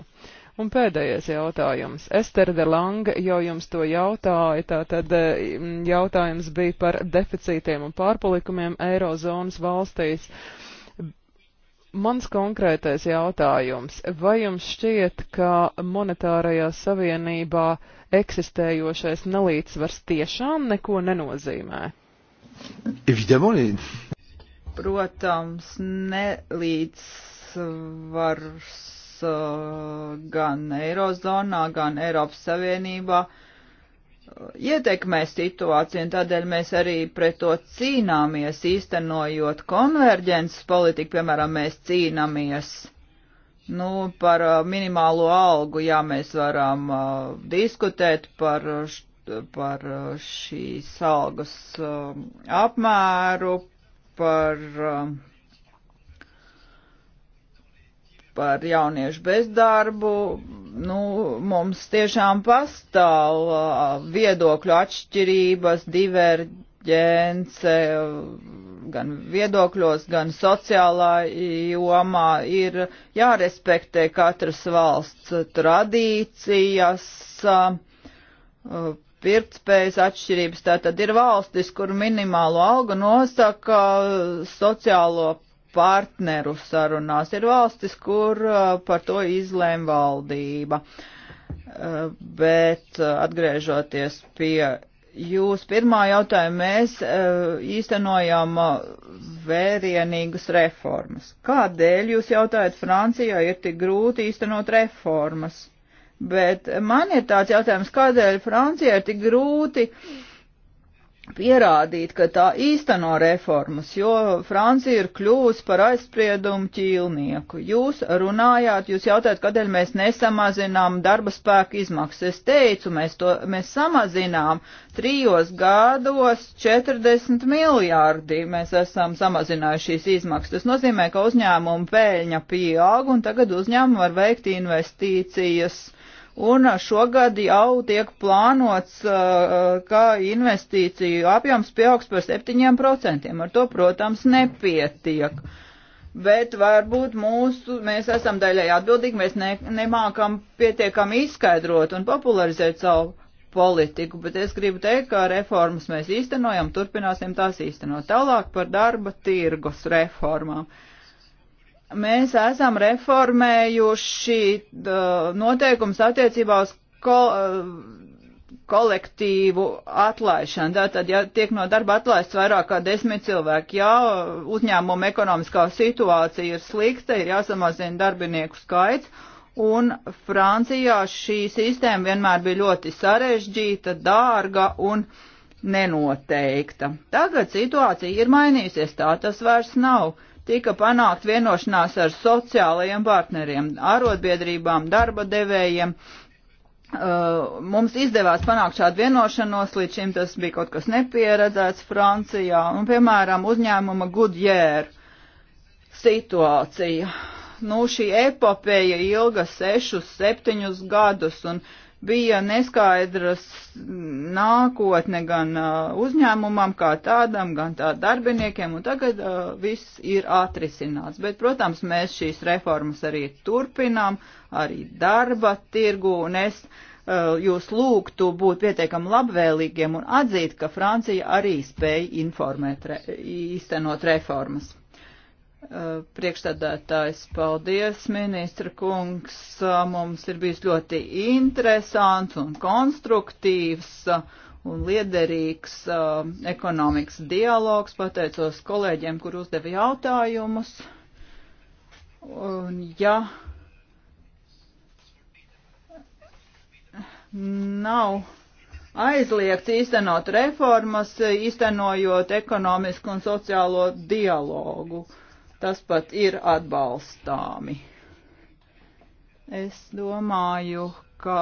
Un pēdējais jautājums. Ester de Lange jau jums to jautāja, tātad mm, jautājums bija par deficītiem un pārpalikumiem Eirozonas valstīs. Uh, Mans konkrētais jautājums. Vai jums šķiet, ka monetārajā savienībā eksistējošais nelīdzsvars tiešām neko nenozīmē? Protams, nelīdzsvars eh, gan Eirozonā, gan Eiropas Savienībā uh, ietekmē situāciju, un tādēļ mēs arī pret to cīnāmies, īstenojot konverģences politiku, piemēram, mēs cīnāmies. Nu, par uh, minimālo algu, jā, mēs varam uh, diskutēt par, par uh, šīs algas uh, apmēru, par uh, par jauniešu bezdarbu, nu, mums tiešām pastāv uh, viedokļu atšķirības, diverģence, uh, gan viedokļos, gan sociālā jomā ir jārespektē katras valsts tradīcijas, uh, pirktspējas atšķirības. Tātad ir valstis, kur minimālo algu nosaka sociālo partneru sarunās. Ir valstis, kur uh, par to izlēm valdība. Uh, bet uh, atgriežoties pie Jūs pirmā jautājuma mēs īstenojām vērienīgas reformas. Kādēļ jūs jautājat, Francijā ir tik grūti īstenot reformas? Bet man ir tāds jautājums, kādēļ Francijā ir tik grūti uh, pierādīt, ka tā īsteno reformas, jo Francija ir kļuvusi par aizspriedumu ķīlnieku. Jūs runājāt, jūs jautājat, kādēļ mēs nesamazinām darba spēku izmaksas. Es teicu, mēs to, mēs samazinām trijos gados 40 miljārdi, mēs esam samazinājuši šīs izmaksas. Tas nozīmē, ka uzņēmuma pēļņa pieaug un tagad uzņēmumi var veikt investīcijas un šogad jau tiek plānots, uh, uh, ka investīciju apjoms pieaugs par 7%. Ar to, protams, nepietiek. Bet varbūt mūsu, mēs esam daļai atbildīgi, mēs ne, nemākam pietiekami izskaidrot un popularizēt savu politiku, bet es gribu teikt, ka reformas mēs īstenojam, turpināsim tās īstenot. Tālāk par darba tirgus reformām. Uh, mēs esam reformējuši noteikums attiecībā uz ko, kolektīvu atlaišanu. Tātad, ja tiek no darba atlaists vairāk kā desmit cilvēki, ja uzņēmuma ekonomiskā situācija ir slikta, ir jāsamazina darbinieku skaits. Un Francijā šī sistēma vienmēr bija ļoti sarežģīta, dārga un nenoteikta. Tagad situācija ir mainīsies, tā tas vairs nav. Uh, tika panākt vienošanās ar sociālajiem partneriem, arotbiedrībām, darba devējiem. Uh, mums izdevās panākt šādu vienošanos, līdz šim tas bija kaut kas nepieredzēts Francijā, un, piemēram, uzņēmuma Goodyear situācija. Nu, šī epopēja ilga sešus, septiņus gadus, un uh, bija neskaidras nākotne gan uh, uzņēmumam kā tādam, gan tā darbiniekiem, un tagad uh, viss ir atrisināts. Bet, protams, mēs šīs reformas arī turpinām, arī darba tirgu, un es uh, jūs lūgtu būt pietiekam labvēlīgiem un atzīt, ka Francija arī spēja informēt, re, īstenot reformas. Eh, priekšstādātājs, paldies, ministra kungs. Eh, mums ir bijis ļoti interesants un konstruktīvs eh, un liederīgs ekonomikas dialogs. Pateicos kolēģiem, kur uzdeva jautājumus. Un, ja nav aizliegts īstenot reformas, īstenojot ekonomisku un sociālo dialogu. Uh, tas pat ir atbalstāmi. Es domāju, ka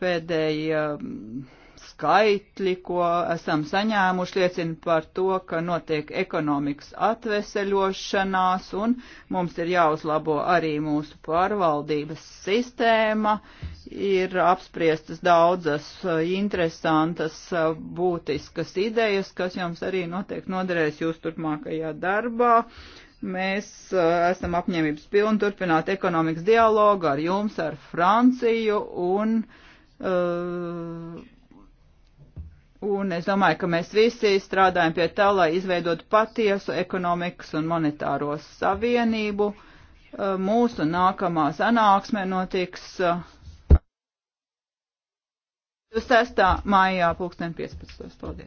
pēdējie mm, skaitļi, ko esam saņēmuši, liecina par to, ka notiek ekonomikas atveseļošanās un mums ir jāuzlabo arī mūsu pārvaldības sistēma. Ir apspriestas daudzas e, interesantas, e, būtiskas idejas, kas jums arī noteikti noderēs jūs turpmākajā darbā. Mēs uh, esam apņēmības pilni turpināt ekonomikas dialogu ar jums, ar Franciju, un, uh, un es domāju, ka mēs visi strādājam pie tā, lai izveidotu patiesu ekonomikas un monetāro savienību. Uh, mūsu nākamā sanāksme notiks uh, 26. maijā 2015. Paldies!